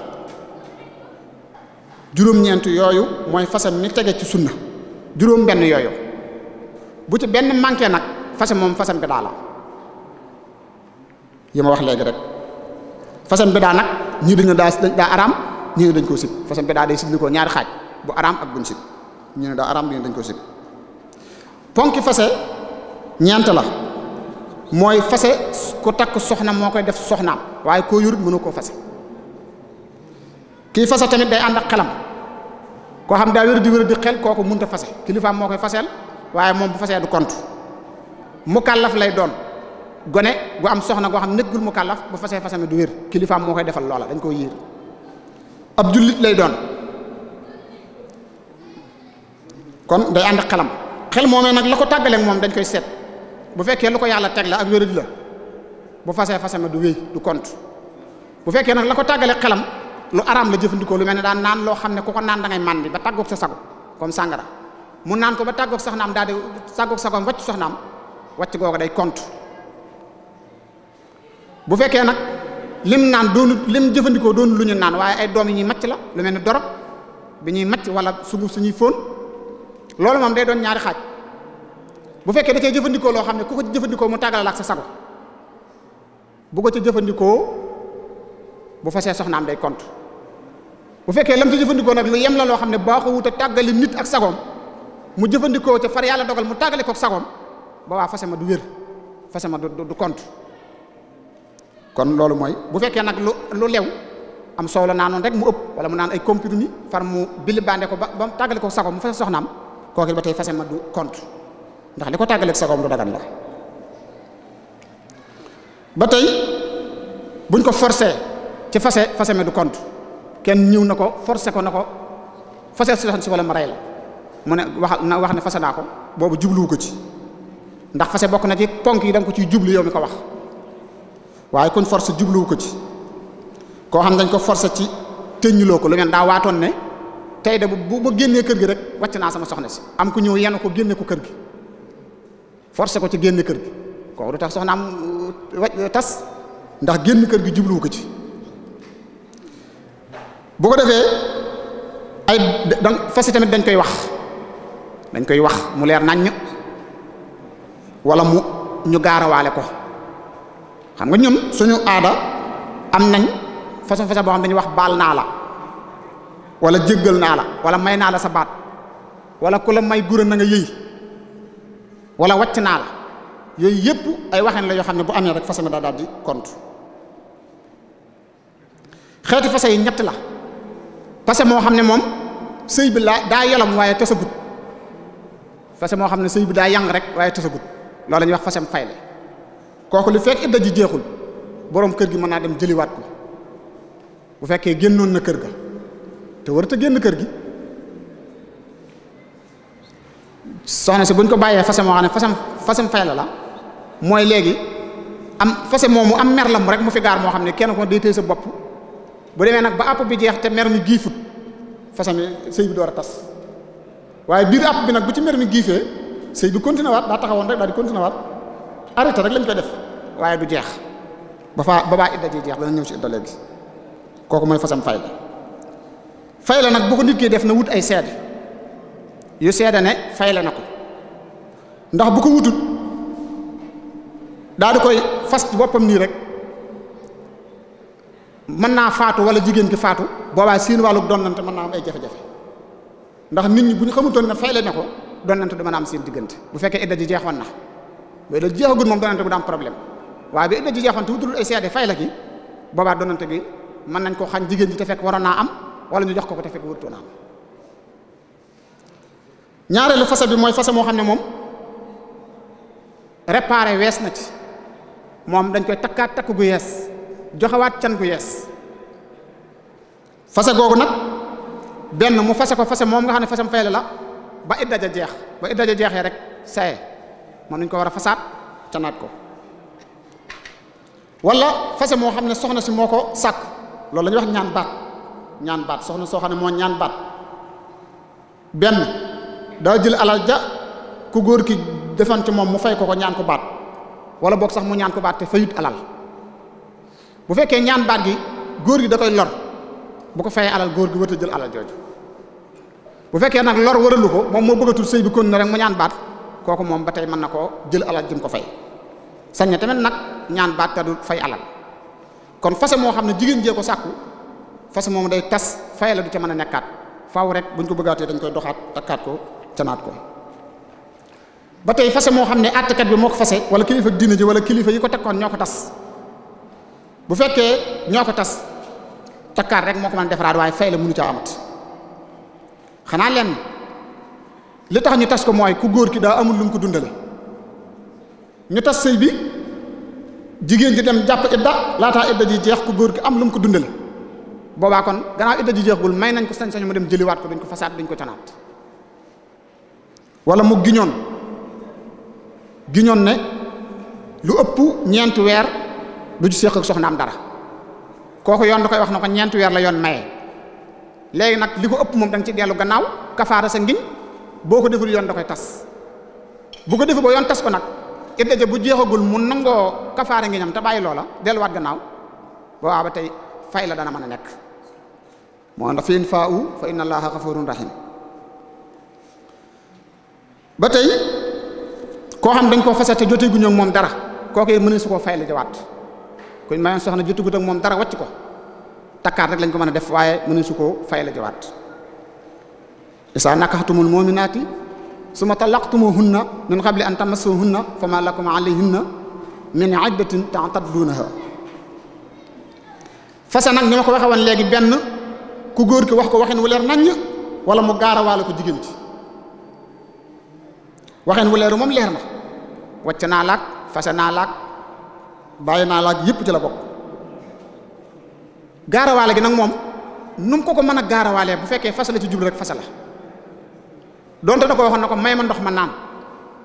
juróom-ñeent yooyu mooy fasam ni tege ci sunna juróom benn yooyu bu ci benn manqué nag fase moom fasam bi daa la yi ma wax léegi rek fasam bi daa nag ñii dañu daa daa araam ñii ne dañ koo sib fasam bi daa day sib ko ñaari xaaj bu aram ak buñ sib ñii ne daa araam bi dañ koo sib ponki fase ñeent la mooy fase ku takk soxna moo koy def soxnaam waaye ko yurut mënu koo fase kii fase tamit day ànd ak xelam koo xam daa wér di wér di xel kooku mun a fase kilifaam moo koy faseel waaye moom bu fasee du kont mu mukallaf lay doon gone gu am soxna goo xam nekkul mukallaf bu fasee fase du wér kilifaam moo koy defal loola dañ koo yiir ab jullit lay doon kon day ànd xelam xel moomee nag la ko tàggaleeg moom dañ koy seet bu fekkee lu ko yàlla teg la ak wéradi la bu fasee fasame du wéy du compte bu fekkee nag la ko tàggale xelam lu araam la jëfandikoo lu mel ne daan naan loo xam ne ko ko naan dangay ngay màndi ba tàggoog sa sago comme sàngara mu naan ko ba tàggoog soxnaam daal di tàggoog sagoom wàcc soxnaam wàcc googu day compte bu fekkee nag lim naan doonu lim jëfandikoo doonu lu ñu naan waaye ay doom yi ñuy màcc la lu mel ne dorog bi ñuy màcc wala sugu suñuy foon loolu moom day doon ñaari xaaj bu fekke da cee jëfandikoo lo xamne ku ko jëfandikoo mu tàggal ak sa sago bu ko ci l'accès bu day kont bu à lam ci nak lu yem la lo xamne a nit ak sagoom mu jëfandikoo ci far de dogal mu ko ak ba wa ma du ma du du kon lolu moy bu fekke nak lu lu lew am soow la rek mu upp wala mu nan ay compromis far mu ko ba ko mu à soxnam ba ma du ndax li ko tàggaleeg sagoom lu dagan la ba tey buñ ko forcé ci fase fase me du compte kenn ñëw na ko forcé ko na ko fase si wala ma rey la mu ne wax na wax ne fase naa ko boobu jubluwu ko ci ndax fase bokk na ci ponk yi da ko ciy jublu yow mi ko wax waaye kon force jubluwu ko ci koo xam dañ ko forcé ci teññuloo ko lu mel daa waatoon ne tey de bu bu génnee kër gi rek wàcc naa sama soxna si am ku ñëw yenn ko génne ko kër gi forcé ko ci génn kër gi ko du tax soxnaam tas ndax génn kër gi jubluwu ko ci bu ko defee ay donc fas tamit dañ koy wax dañ koy wax mu leer nañ wala mu ñu gaarawaale ko xam nga ñun suñu aada am nañ façon façon boo xam dañuy wax baal naa la wala jéggal naa la wala may naa la sa baat wala ku may gura na nga yëy wala wàcc naa la yooyu yëpp ay waxin la yoo xam ne bu amee rek fase mi daa daal di compte xeeti fase yi ñett la fase moo xam ne moom sëy bi la daa yalam waaye tasagut fase moo xam ne sëy bi daa yang rek waaye tasagut loolu la ñuy wax fasem fayle kooku lu fekk idda ji jeexul boroom kër gi mën naa dem jëliwaat ko bu fekkee génnoon na kër ga te warut a génn kër gi soxna si buñ ko bàyyee fase moo xam ne fasam là. fay la la mooy am fase moomu am mer la mu rek mu fi gaar moo xam ne ko sa bu ba bi te mer a tas waaye bi bu ci mer continué rek di continué arrêté rek lañ def du jeex ba ba baa idda ji jeex ci idda léegi kooku mooy fasam fay la bu ko def na wut ay yu seede ne fay la na ko ndax bu ko wutut daa di koy fas boppam nii rek mën naa faatu wala jigéen ki faatu boobaa seen wàllu donnante mën naa am ay jafe ndax nit ñi bu ñu xamutoon ne fayle na ko donnante du am seen diggante bu fekkee idda ji jeexoon na bu idda ji jeexagul moom donnante bu da am problème waaye bi idda ji jeexoon te wutul ay seede fay la ki boobaa donnante bi mën nañ koo xañ jigéen ji te fekk waroon naa am wala ñu jox ko ko te fekk wutoon naa am ñaareelu façon bi mooy façon moo xam ne moom réparé wees na ci moom dañ koy takkaat takk gu joxewaat can gu yees fase googu nag benn mu fase ko fase moom ne fasam fayla la ba idda ja jeex ba idda ja jeexee rek saye mën nañu ko war a fasaat canaat ko wala fase moo xam ne soxna si moo ko sàkk loolu la wax ñaan baat ñaan baat soxna soo xam ne moo ñaan baat benn daa jël alal ja ku góor ki defante moom mu fay ko ko ñaan ko baat wala boog sax mu ñaan ko baat te fayut alal bu fekkee ñaan baat gi góor gi da koy lor bu ko fayee alal góor gi wërta jël alal jooju bu fekkee nag lor waralu ko moom moo bëggatul sëy bi kon na rek mu ñaan baat kooku moom ba tey mën na koo jël alal jëm ko fay sañ na tamit nag ñaan baat te du fay alal kon fase moo xam ne jigéen jee ko sàkku fase moom day tas fay la du ca mën a nekkaat faaw rek buñ ko bëggaatee dañ koy doxaat takkaat ko canaat ko ba tey fase moo xam ne àttekat bi moo ko fase wala kilifa diina ji wala kilifa yi ko tekkoon ñoo ko tas bu fekkee ñoo ko tas takkaat rek moo ko mën defaraat waaye fay la munu caa amat xanaa leen li tax ñu tas ko mooy ku góor ki daa amul lum mu ko dundale ñu tas sëy bi jigéen ji dem jàpp idda laataa idda ji jeex ku góor ki am lu ko dunde dundale boobaa kon gannaaw idda ji jeexagul may nañ ko sañ-sañ mu dem jëliwaat ko dañ ko fasaat dañ ko canaat wala mu giñoon ne lu upp ñent wër du ci xek ak dara koku yoon da koy wax na ko ñeenti weer la yoon maye léegi nak li upp mom dang ci delu gannaaw kafara sa ngiñ boko deful yoon da tas bu ko defee bo yoon tas ko nak idda ja bu jeexagul mu nango kafara ngiñam bayyi lola loola wat gannaaw bo wa tey fay la dana mëna nek mo fiin u fa inna allaha ghafurur rahim batay ko xam dañ ko fassate jotey guñu mom dara kooku mën na su koo fayal kuñ ma ñaan soxna jotugut ak mom dara wàcc ko takkar rek lañ ko mën def waye mën na su koo fayal wat isa nakaxtumul mu'minati suma talaqtumuhunna min qabli an tamassuhunna fama lakum alayhinna min iddatin ta'taddunaha fassa nak ni ma ko waxe woon léegi benn ku góor ki wax ko waxin wu leer nañ wala mu gaarawaale ko digeenti waxen wu leeru moom leer na wàcc fasa laag fase naa laag bàyyi naa laag yëpp ci la gara wala gi nak mom num ko ko meuna gara wala bu fekke fasa la ci jublu rek fase la donte da ko waxoon may ma ndox ma naan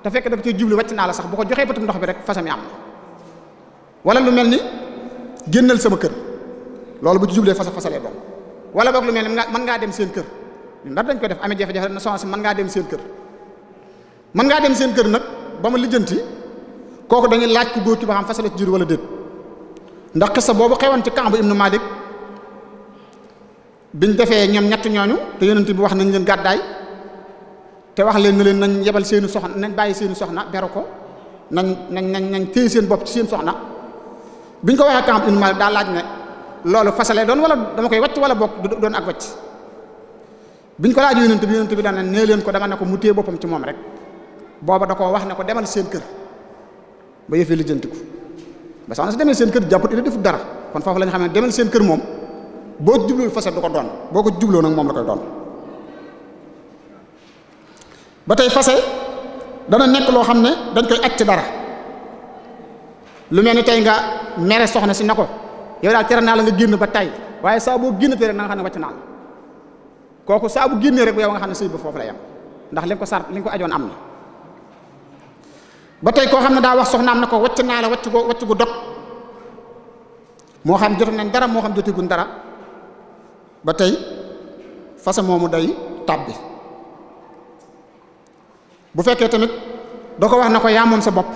te fekk ci jublu wacc na la sax bu ko joxe patum ndox bi rek mi am wala lu melni ni sama keur lolou bu ci fasa fase fasalee doom wala bok lu melni man nga dem seen keur ndax dañ ko def amé jafé jafé na man nga dem seen keur mën ngaa dem seen kër nag ba ma lijjanti kooku dañuy laaj ku góor ki ba xam fasala ci jur wala déet ndax xisa boobu xewoon ci Ka'b ibnu Malik biñ defee ñoom ñett ñooñu te yonent bi wax nañ leen gàddaay te wax leen ne leen nañ yebal seeni soxna nañ bàyyi seeni soxna beru ko nañ nañ nañ nañ téye seen bopp ci seen soxna biñ ko waxee Ka'b ibnu Malik daa laaj ne loolu fasale doon wala dama koy wàcc wala bokk doon ak wàcc biñ ko laaj yonent bi yonent bi daan ne nee leen ko dama ne ko mu téye boppam ci moom rek booba da ko wax ne ko demal seen kër ba yëfee lijjantiku ba soxna si demee seen kër jàpput ida defut dara kon foofu lañu xam ne demal seen kër moom boo jublul faset du ko doon boo ko jubloo nag moom la koy doon ba tey fase dana nekk loo xam ne dañ koy acc dara lu mel ni tey nga mere soxna si na ko yow daal tere naa la nga génn ba tey waaye saa boo génn tere na nga xam ne wàcc naa la kooku saa bu génnee rek yow nga xam ne sëy ba foofu la yam ndax li ko sar li ko ajoon am na ba tey koo xam ne daa wax soxnaam na ko wacc naa la wacc go wacc gu dog moo xam jotu nañ dara moo xam joteguñ dara ba tey fase moomu day bi bu fekkee tamit doo ko wax na ko yaa moom sa bopp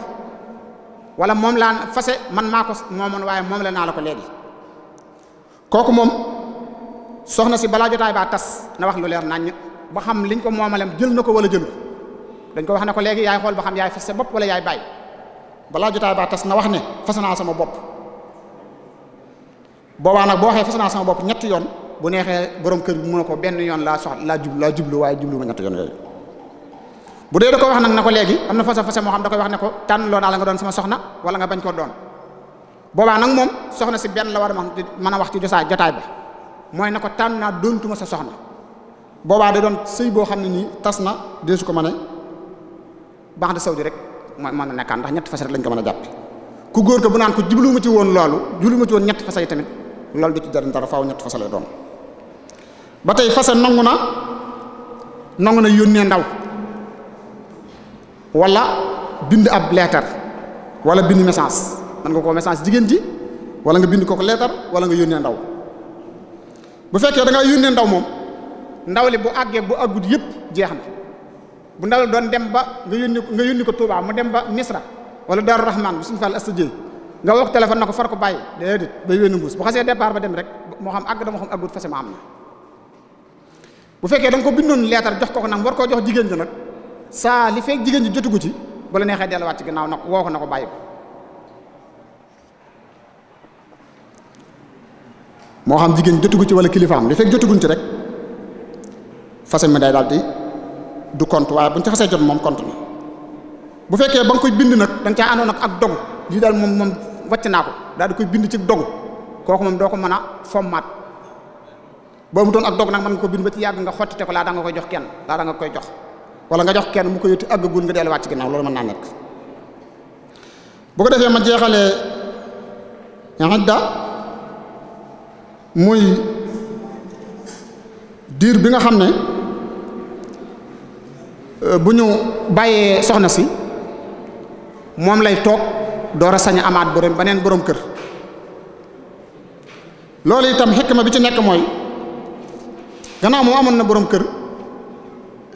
wala moom laa fase man maa ko moomoon waaye moom la naa la ko léegi kooku moom soxna si balaa jotaay baa tas na wax lu leer naññ ba xam liñ ko moomalem jël na ko wala jël dañ ko wax na ko léegi yaay xool ba xam yaay fas sa bopp wala yaay bàyyi balaa jotaay ba tas na wax ne fas naa sama bopp boobaa nag boo waxee fas naa sama ñetti yoon bu neexee borom kër bi mu ko benn yoon laa soxla laa jublu laa jublu waaye jublu ma ñetti yoon yooyu bu dee ko wax nag na ko léegi am na fase fase moo xam da koy wax ne ko tànn loo naa la nga doon wala nga bañ koo doon boobaa nag moom soxna si benn la war a mën a wax ci josaay jotaay ba mooy na ko tànn naa doontuma sa soxna boobaa de doon sëy boo xam ne nii tas na deesu ko ma a baax na sawdi rek mën na nekkaan ndax ñetti fas rek lañ a jàppe ku góor ko bu naan ko jubluwuma ci woon loolu jubluwuma ci woon ñetti tamit loolu du ci jar dara faaw ñetti fas lay doon ba tey fase nangu na nangu na yónnee ndaw walla bind ab leetar wala bind message man nga koo message jigéen ji wala nga bind kooku leetar wala nga yónnee ndaw bu fekkee da nga yónnee ndaw moom ndaw li bu àggee bu àggut yépp jeex na bu ndaw doon dem ba nga yónni nga yónni ko Touba mu dem ba Misra wala Daaru Rahman bu suñu Fall Asta Dieye nga woo ko téléphone na ko far ko bàyyi déedéet bay yónni mbuus bu xasee départ ba dem rek moo xam àgg da xam àggut fase ma am na bu fekkee da nga ko bindoon leetar jox ko ko nag war koo jox jigéen ji nag saa li fekk jigéen ji jotugu ci ba la neexee delluwaat ci ginnaaw na woo na ko bàyyi ko moo xam jigéen jotugu ci wala kilifaam li fekk jotuguñ ci rek fase ma day daal di du compte waaye bu ñu ci xasee moom compte bu fekkee ba nga koy bind nag da nga caa nag ak dog lii daal moom moom wàcc naa ko daal di koy bind ci dog kooku moom doo ko mën a fommaat boo mu doon ak dogu nag mën nga ko bind ba ci yàgg nga xottite ko laa da nga koy jox kenn laa nga koy jox wala nga jox kenn mu ko yëti àggagul nga delluwaat ci ginnaaw loolu mën naa nekk bu ko defee ma jeexalee idda muy diir bi nga xam ne Euh, bu ñu bàyyee soxna si moom lay toog door a sañ a amaat borom beneen boroom kër loolu itam xikma bi ci nekk mooy gannaaw moom amoon na boroom kër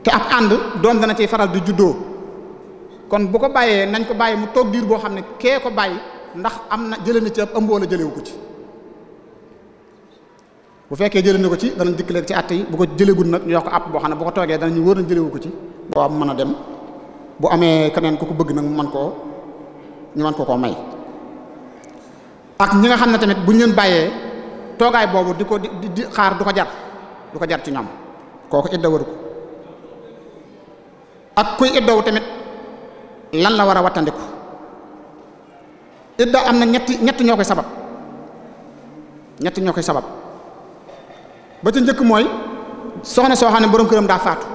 te ab ànd doom dana ciy faral di juddoo kon bu ko bàyyee nañ ko bàyyi mu toog diir boo xam ne kee ko bàyyi ndax am na jëlee na ci ab ëmb wala jëlewu ko ci. bu fekke jëlee nako ci dana dikle ci atay bu ko gun nak ñu jox app bo xana bu ko toge dana ñu danañu na nañ wu ko ci bo am mëna dem bu amé kenen ku ko bëgg nak man ko ñu man ko ko may ak ñi nga xamne tamit bu ñu leen bàyyee toogaay boobu di di xaar duko ko jar du jar ci ñam kooku idda waru ko ak kuy wu tamit lan la wara a idda amna ñetti ñetti ñoo sabab ñetti ñoo sabab ba ca njëkk mooy soxna soo xam ne borom këram daa faatu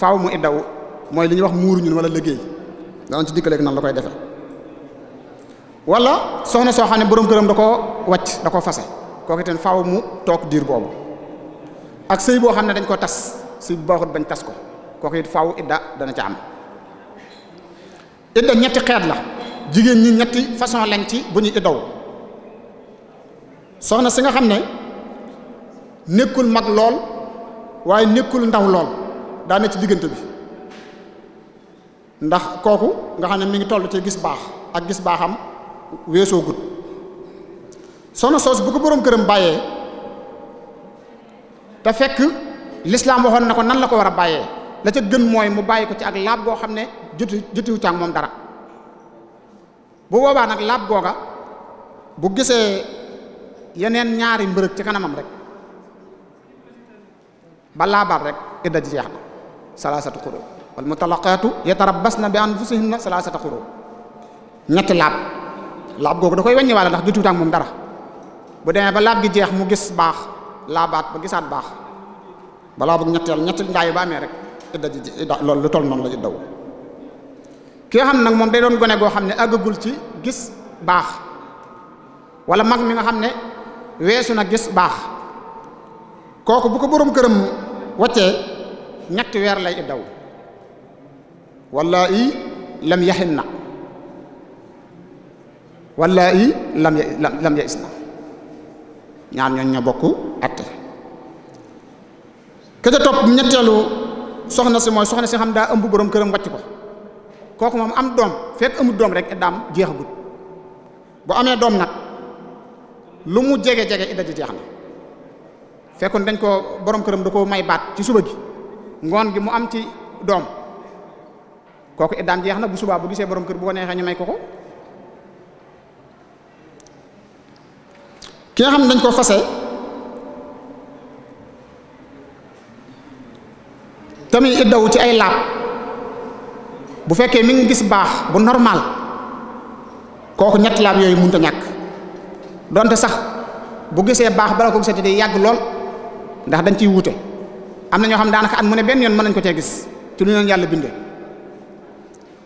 faaw mu iddaw mooy li ñuy wax muuru ñun wala liggéey danañ ci dikkaleeg nan la koy defe wala soxna soo xam ne borom këram da koo wàcc da koo fase kooku itam mu toog diir boobu sëy boo xam ne dañ ko tas sëy bu baaxut tas ko kooku it faaw dana ca am idda ñetti xeet la jigéen ñi ñetti façon lañ ci bu ñuy iddaw soxna si nga xam ne. nekkul mag lool waaye nekkul ndaw lool daa ne ci diggante bi ndax kooku nga xam ne mu ngi toll ci gis baax ak gis baaxam weesoo gut soxna soos bu ko boroom këram bàyyee te fekk lislaam waxoon na ko nan la ko war a bàyyee la ca gën mooy mu bàyyi ko ci ak laab goo xam ne jotu jotiwu càng moom dara bu boobaa nag laab googa bu gisee yeneen ñaari mbërëg ci kanamam rek balabar rek idda jeex na salaasatu xuró wal mutalaqatu yatarabbasna bi anfusihinna salaasata xuró ñet lab lab gogu da koy weññi wala ndax du tutak mom dara bu demee ba lab gi jeex mu gis bax labat ba gisat bax bala bu ñettal ñett ndaayu ba amee rek lu toll non la iddaw ki xam nak mom day doon gone go xam agagul ci gis bax wala mag mi nga gis bax koku bu ko borom kërëm waccee ñetti weer lay iddaw wallaahi lam yaxin na wallaahi lam lam ya is na ñaar ñooñ ñoo bokk atte ke ca topp ñetteelu soxna si mooy soxna si xam daa ëmb boroom këram wàcc ko kooku moom am doom fekk amul doom rek iddaam jeexagut bu amee doom nag lu mu jege jege idda ji jeex na fekkoon dañ koo borom këram da koo may baat ci suba gi ngoon gi mu am ci doom kooku iddaam yax na bu subaa bu gisee borom kër bu ko neexee ñu may ko ko ki xam ne dañ ko fase tamit daw ci ay laab bu fekkee mi ngi gis baax bu normal kooku ñetti laab yooyu mënut a ñàkk donte sax bu gisee baax bala ko gisati day yàgg lool ndax dañ ciy wuute am na ñoo xam daanaka at mu ne benn yoon mën nañ ko cee gis ci lu leen yàlla bindee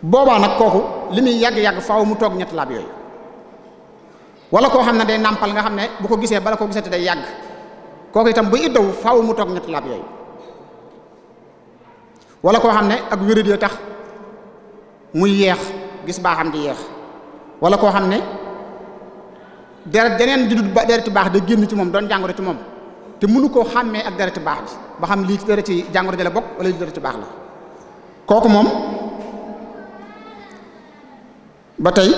boobaa nag kooku li muy yàgg-yàgg faaw mu toog ñetti laab yooyu wala koo xam ne day nàmpal nga xam ne bu ko gisee bala ko gisee te day yàgg kooku itam bu iddaw faaw mu toog ñetti laab yooyu wala koo xam ne ak wérid yoo tax mu yeex gis baaxam di yeex wala koo xam ne deret jeneen judut ba dereti baax da génn ci moom doon jàngoro ci moom te mënu koo xàmmee ak deret baax ji ba xam lii ci deret ci jàngoro ji la bokk wala lii deret ci baax la kooku moom ba tey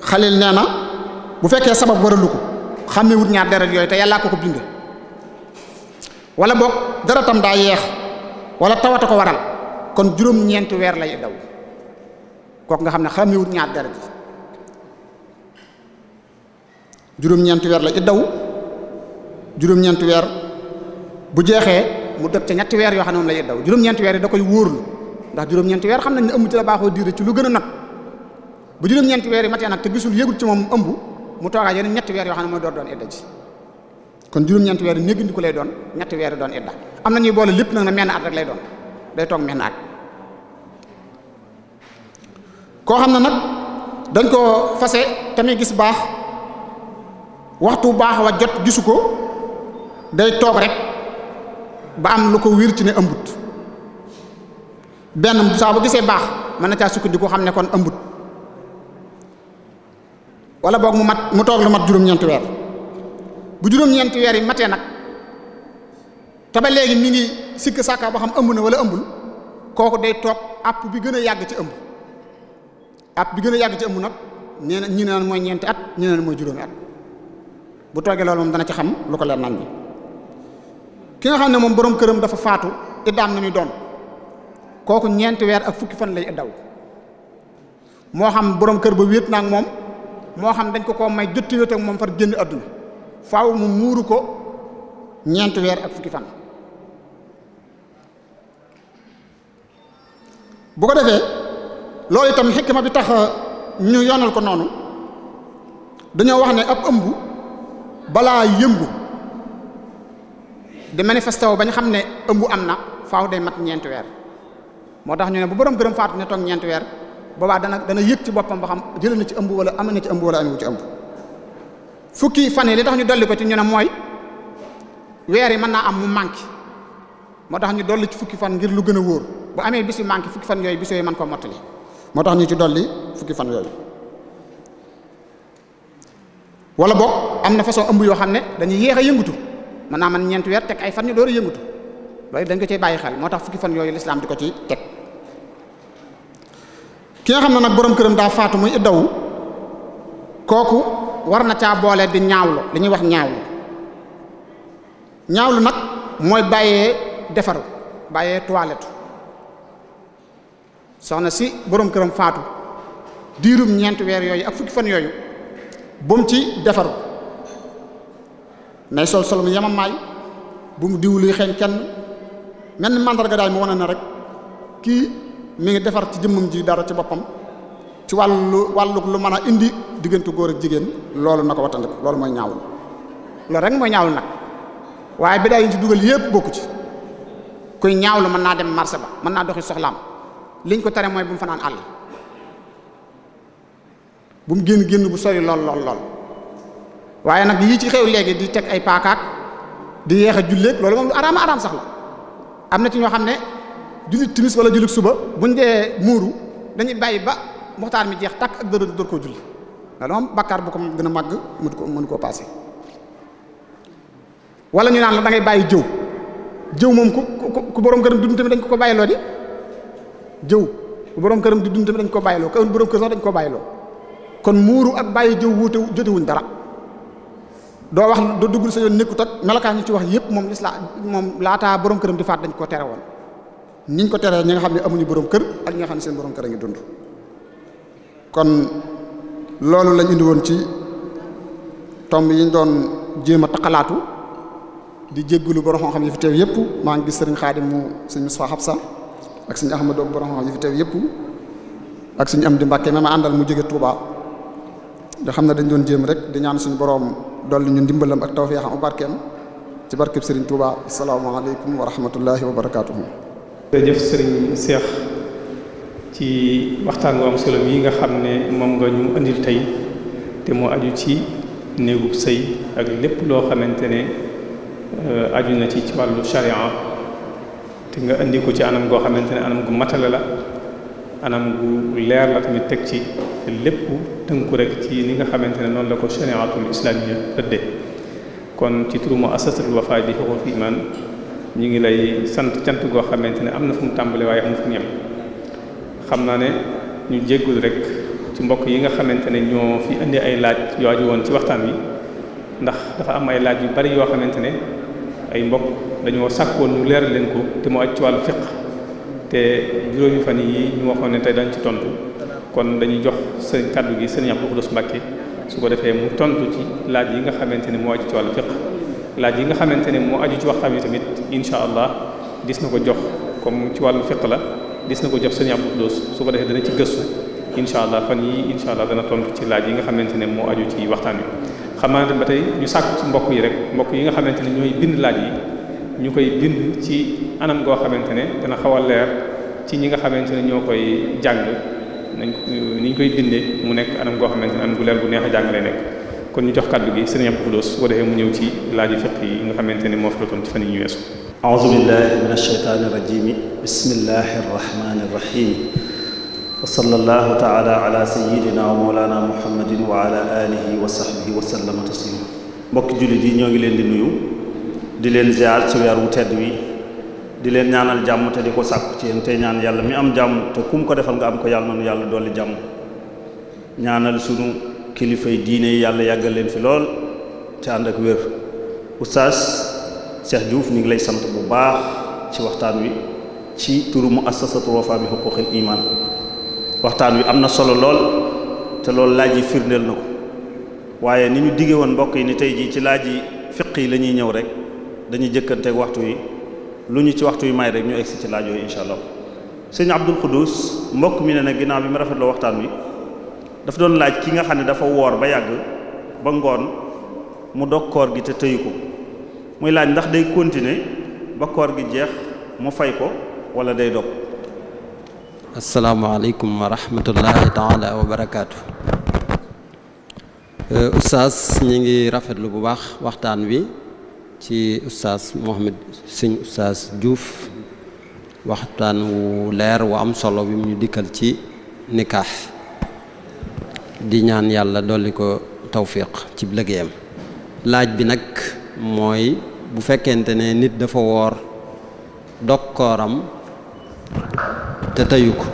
xalil nee na bu fekkee sabab waralu ko xàmmee wut ñaar deret yooyu te yàllaa ko ko wala boog deretam daa wala tawata ko waral kon juróom-ñeenti weer lay daw kooku nga xam ne xàmmee wut ñaar deret yi juróom-ñeenti daw. jurum ñent weer bu jeexee mu dëkk ci ñett weer yo xamna lay daw juróom yi da koy wóorlu ndax jurum ñent weer xam ëmb ci la baxo diir ci lu gëna nak bu jurum ñent weer yi matee nag te gisul yëgut ci mom ëmb mu toga yeneen ñett weer yo xamna mo do doon idda ci kon juróom-ñeenti weer yi néggandiku lay doon ñett weer doon idda am ñuy boole lepp nak na menn at rek lay doon day tok menn at ko xamna nak dañ ko fase tamé gis bax waxtu bax wa jot gisuko day toog rek ba am lu ko wiir ci ne ëmbut benn saa bu gisee baax ma na caa sukkandiku xam ne kon ëmbut wala boog mu mat mu toog lu mat juróom-ñeenti bu juróom-ñeenti weer yi matee nag te léegi mi ngi sikk sàkka ba xam ëmb na wala ëmbul kooku day toog àpp bi gën a yàgg ci ëmb àpp bi gën a yàgg ci ëmb nag nee na ñi naan mooy ñeenti at ñi naan mooy juróomi at bu toogee loolu moom dana ci xam lu ko leer nañ bi ki nga xam ne moom borom këram dafa faatu iddaam la ñuy doon kooku ñeenti weer ak fukki fan lay iddaw moo xam borom kër ba wéet naa ak moom moo xam dañ ko ko may jotti wéet moom far génn àdduna faaw mu muuru ko ñeenti weer ak fukki fan. bu ko defee loolu itam ma bi tax euh, ñu yonal ko noonu dañoo wax ne ab ëmb balaa yëngu. di manifesté wu ba xam ne ëmb am na faaw de mat ñeenti weer moo tax ñu ne bu borom këram faatu ne toog ñeenti weer boobaa dana dana yëg ci boppam ba xam jëlee na ci ëmb wala am na ci ëmb wala amu ci ëmb fukki fan yi li tax ñu dolli ñu ne mooy weer mën naa am mu manqué moo tax ñu dolli ci fukki fan ngir lu gën a wóor bu amee bis yu manqué fukki fan yooyu bis yooyu mën koo mottali moo tax ñu ci dolli fukki fan yooyu wala boog am na façon ëmb yoo xam ne dañuy yéex a yëngutu mën man ñeenti weer teg ay fan ñu door a yëngatu loolu dañ ko cay bàyyi xel moo tax fukki fan yooyu lislaam di ko ci teg ki nga xam ne nag borom këram daa faatu muy daw kooku war na caa boole di ñaawlu li ñuy wax ñaawlu ñaawlu nag mooy bàyyee defaru bàyyee toilette soxna si borom këram faatu diirum ñeenti weer yooyu ak fukki fan yooyu bu ci defaru nay sol sol mu may bu mu diwluy xen kenn men mandar ga day mo wonana rek ki mi ngi defar ci jëmmam ji dara ci bopam ci walu walu lu mën indi diggante goor ak jigen lolu nako watand lolu moy mooy lo rek moy ñaawul nak, waye bi day ci duggal yépp bokku ci kuy ñaawlu man na dem marché ba man na doxi soxlam liñ ko tare moy bu mu fanan àll bu mu genn genn bu sori lool lool waaye nag yi ci xew léegi di teg ay paakaak di yeex a julleeg loolu moom lu araama araam sax la am na ci ñoo xam ne jullit timis wala jullit suba buñ dee muuru dañuy bàyyi ba muxtaar mi jeex takk ak dërër door koo julli loolu moom bakkaar bu ko gën a màgg mënu ko mënu koo passé wala ñu naan la da ngay bàyyi jëw jëw moom ku ku borom këram di dund tamit dañ ko ko bàyyiloo jëw ku borom këram di dund tamit dañ ko bàyyiloo ku borom kër dañ ko bàyyiloo kon muuru ak bàyyi jëw wuute jotewuñ dara do wax do dugul sa yon nekkut ak melokaan ñu ci wax yépp mom islam mom laata borom kërëm di faat dañ ko téré won niñ ko téré ñi nga xamni amuñu borom kër ak ñi nga xamni seen borom kër nga dund kon loolu lañ indi won ci tomb yi ñu doon jema a di jéggulu borom xam yi fi teew yépp ma ngi gis sëriñ xaadim mu sëñ Moussa Habsa ak sëñ Ahmadou borom xam yi fi teew yépp ak sëñ Amdi Mbàkke ma andal mu jégué Touba nga xam ne dañ doon jéem rek di ñaan suñu boroom dolli ñu ndimbalam ak tawfeexam ak barkeem ci barkeb Serigne Touba asalaamaaleykum wa rahmatullahi wa barakaatuhu. jërëjëf Serigne Cheikh ci waxtaan wu am solo yi nga xam ne moom nga ñu andil tey te moo aju ci néegu sëy ak lépp loo xamante ne euh, aju na ci ci wàllu charia te nga andi ko ci anam goo xamante ne anam gu matale la anam gu leer la tamit teg ci. lépp tënku rek ci ni nga xamante ne noonu la ko chariatul islamia tëdde kon ci turu muassasatul Wafa ko xoxo fi iman ñu ngi lay sant cant goo xamante ne am na fu mu tàmbale waaye am na xam naa ne ñu jéggul rek ci mbokk yi nga xamante ne ñoo fi indi ay laaj yu aju woon ci waxtaan wi ndax dafa am ay laaj yu bari yoo xamante ne ay mbokk dañoo sàkkoon ñu leeral leen ko te mu aj ci wàll fiq te juróomi fan yi ñu waxoon ne tey dañ ci tontu kon dañuy jox sëriñ kàddu gi sëriñ Abdou Khoudoss Mbacké su ko defee mu tontu ci laaj yi nga xamante ne moo aju ci wàllu fiq laaj yi nga xamante ne moo aju ci waxtaan wi tamit incha allah dis na ko jox comme ci wàllu fiq la dis na ko jox sëriñ Abdou Khoudoss su ko defee dana ci gëstu incha allah fan yi incha allah dana tontu ci laaj yi nga xamante ne moo aju ci waxtaan wi xam naa ba tey ñu sàkk ci mbokk yi rek mbokk yi nga xamante ne ñooy bind laaj yi ñu koy bind ci anam goo xamante ne dana xaw a leer ci ñi nga xamante ne ñoo koy jàng nañ niñ koy bindee mu nekk anam goo xamante ne anam gu leer gu neex a jàngale nekk kon ñu jox kàddu gi sëriñ Abdou Khoudoss su ko defee mu ñëw ci laaji fiq yi nga xamante ne moo fi doon ci fan yi ñu weesu a'uuzu billahi min ash-shaytaani rajiim bismillahi rahmaani rahiim wa sallallahu taala ala sayyidina wa mawlana muhammadin wa ala alihi wa sahbihi wa sallama taslima mbokki jullit yi ñoo ngi leen di nuyu di leen ziar ci weer wu tedd wi di leen ñaanal jàmm te di ko sàkku ci yéen tey ñaan yàlla mi am jàmm te kum ko defal nga am ko yàlla noonu yàlla dolli jàmm ñaanal sunu kilifay diine yàlla yàggal leen fi lool te ànd ak wér oustaz Cheikh Diouf ñu ngi lay sant bu baax ci waxtaan wi ci turu muassasatu Wafa bi huquqil iman waxtaan wi am na solo lool te loolu laaj yi firndeel na ko waaye ni ñu digge woon mbokk yi ni tey jii ci laaj yi fiq yi la ñuy ñëw rek dañuy jëkkante waxtu yi lu ñu ci waxtu yu may rek ñu exi ci laaj yooyu inshallah seigne sëñ Abdul Xudus mbokk mi ne na ginaaw bi ma rafet lo waxtan wi daf doon laaj ki nga xamne dafa wor ba yàgg ba ngoon mu dok koor gi te teyiko muy laaj ndax day continuer ba koor gi jeex mu fay ko wala day dok assalamu alaykum wa rahmatullahi taala wa barakaatu oustaz ñi ngi rafetlu bu baax waxtaan wi ci oustaz Mohamed sëñ oustaz Diouf waxtaan wu leer wu am solo bi mu ñu dikkal ci nikaas di ñaan yàlla dolli ko tawfiq ci liggéeyam laaj bi nag mooy bu fekkente ne nit dafa woor dokkooram te teyu ko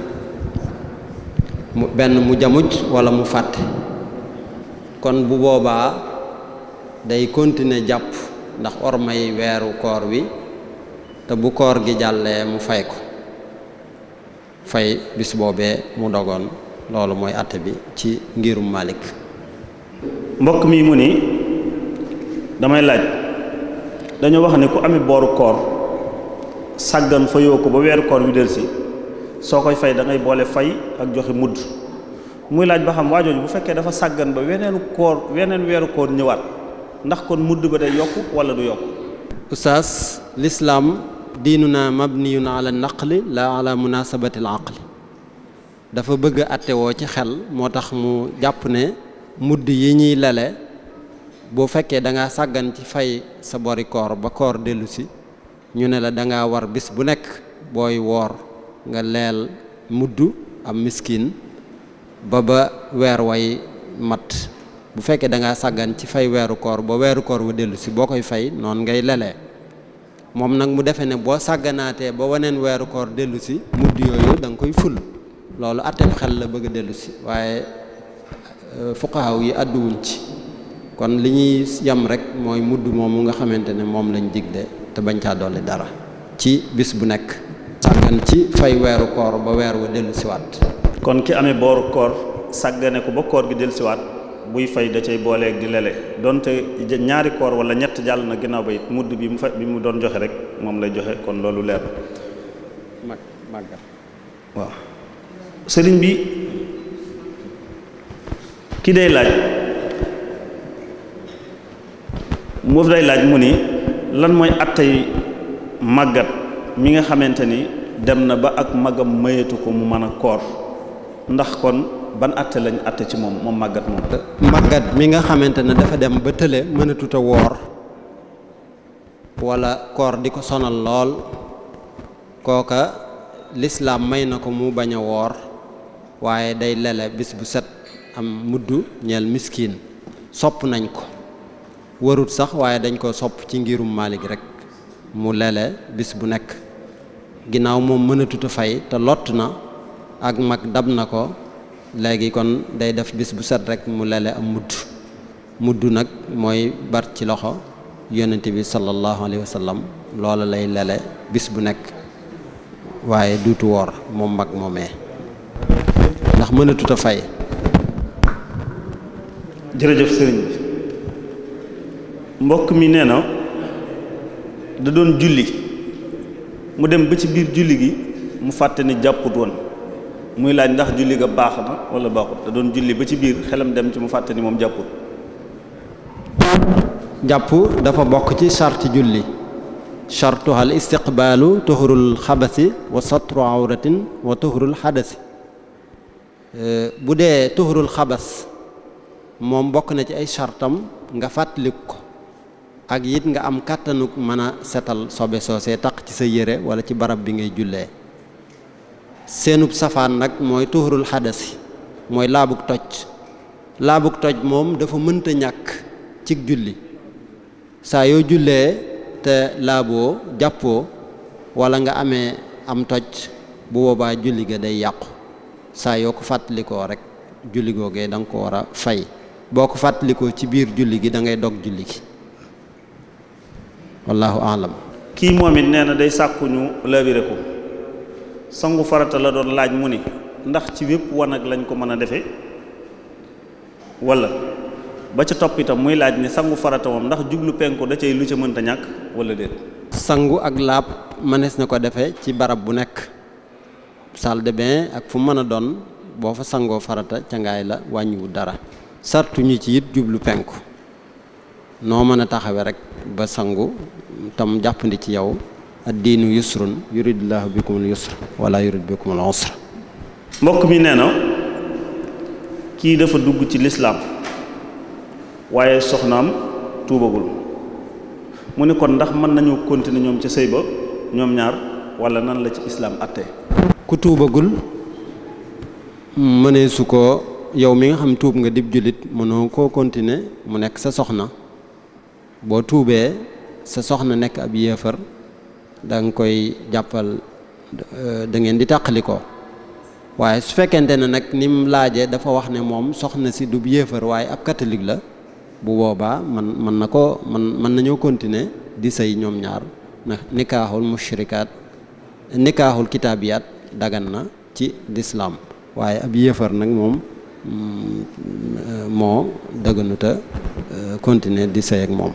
mu benn mu jamuj wala mu fàtte kon bu boobaa day continuer jàpp ndax ormay weeru koor wi te bu koor gi jàllee mu fay ko fay bis boobee mu dogoon loolu mooy àtte bi ci ngirum Malik mbokk mi mu ni damay laaj dañu wax ne ku amee booru koor sàggan fayoo ko ba weeru koor wi del si soo koy fay da boole fay ak joxe mudd muy laaj ba xam waajooju bu fekkee dafa sàggan ba weneen koor weneen weeru koor ñëwaat ndax kon mudd ba day yokk wala du yokk ustaas lislaam diinuna mabniyun ala naqli la ala munasabati al aqli dafa bëgg attewoo ci xel moo tax mu jàpp ne mudd yi ñuy lale boo fekkee da sàggan ci fay sa bori koor ba koor dellu ñu ne la danga war bis bu nekk booy woor nga leel mudd am miskin ba ba weer way mat bu fekkee dangaa ngaa sàggan ci fay weeru koor ba weeru koor wu dellu si boo koy fay noonu ngay lelee moom nag mu defee ne boo sàgganaatee ba waneen weeru koor dellu si mudd yooyu da loolu atteb la bëgg dellu si waaye euh, fuqahaw yi àdduwuñ ci kon li ñuy yam rek mooy mudd moomu nga xamante ne moom lañ digle te bañ caa dolli dara ci bis bu nekk ci fay weeru ba weer wa dellu siwaat kon ki amee booru koor sàggane ko ba koor gi dellu siwaat buy fay da cay booleeg di lele donte ñaari koor wala ñett jàll na ginnaaw ba it mudd bi mu fa bi mu doon joxe rek moom lay joxe kon loolu leer mag màggal sëriñ bi ki day laaj moofu day laaj mu ni lan mooy attey màggat mi nga xamante ni dem na ba ak magam mayeetu ko mu mën a koor ndax kon ban atte lañu atte ci moom moom màggat moom. màggat mi nga xamante ne dafa dem ba tële mënatut a woor wala koor di ko sonal lool kooka lislaam may na ko mu bañ a woor waaye day lele bis bu set am mudd ñeel miskin sopp nañ ko warut sax waaye dañ koo sopp ci ngirum Maalik rek mu lele bis bu nekk ginnaaw moom mënatut a fay te lott na ak mag dab na ko léegi kon day def bis bu set rek mu lale am mudd mudd nag mooy bar ci loxo yonent bi sallallahu alayhi wa sallam loola lay lale bis bu nekk waaye duutu woor moom mag moomee ndax mënatut a fay jërëjëf mbokk mi nee na da doon julli mu dem ba ci biir julli gi mu fàtte ni jàpput woon muy laaj ndax julli ga baax na wala baaxul te doon julli ba ci biir xelam dem ci mu fàtte ni moom jàppul jàpp dafa bokk ci charte julli chartuha al istiqbaalu tuhrul xabasi wa satru awratin wa tuhrul xadasi eh, bu dee tuhrul xabas moom bokk na ci ay chartam nga fàttaliku ko ak it nga am kàttanu mën a setal sobe soosee taq ci sa yére wala ci barab bi ngay jullee senup safanak nak moy tuhrul hadasi moy labuk toj labuk toj mom dafa meunta ñak ci julli sa yo julle te labo jappo wala nga amé am toj bu boobaa julli ga day yaq sa yo ko fàttalikoo rek julli goge dang ko wara fay boo ko ci bir julli gi dangay dog julli gi wallahu alam ki momit neena na day sàkkuñu labire sangu farata la doon laaj mu ni ndax ci wépp wanag lañ ko mën a defee wala ba ca topp muy laaj ne sangu farata moom ndax jublu penku da cay lu ca mënta ñàkk wala déet. sangu ak laab mënees na ko defee ci barab bu nekk salle de bain ak fu mën a doon boo fa sangoo farata cangaay la wàññiwu dara. sartu ñu ci it jublu penku noo mën a taxawee rek ba sangu tam jàppandi ci yow. addiinu yusrun yuridullahu bikum al yusra wala yurid bikum al usra mbokk mi nee na kii dafa dugg ci lislaam waaye soxnaam tuubagul mu ne kon ndax mën nañu continuer ñoom ca sëy ba ñoom ñaar walla nan la ci islaam atte ku tuubagul mënee ko yow mi nga xam tuub nga dib jullit mënoo koo kontine mu nekk sa soxna boo tuubee sa soxna nekk ab yéefar da nga koy jàppal euh, da ngeen di tàqalikoo waaye su fekkente ne nag nim mu laajee dafa wax ne moom soxna si du yéefar waaye ab katolik la bu boobaa man mën na ko man mën nañoo continuer di sëy ñoom ñaar ndax nikaaxul mushrikaat nikaaxul kitaabiyaat dagan na ci dislaam waaye ab yéefar nag moom mm, moo dëgganuta euh, continuer di sëy ak moom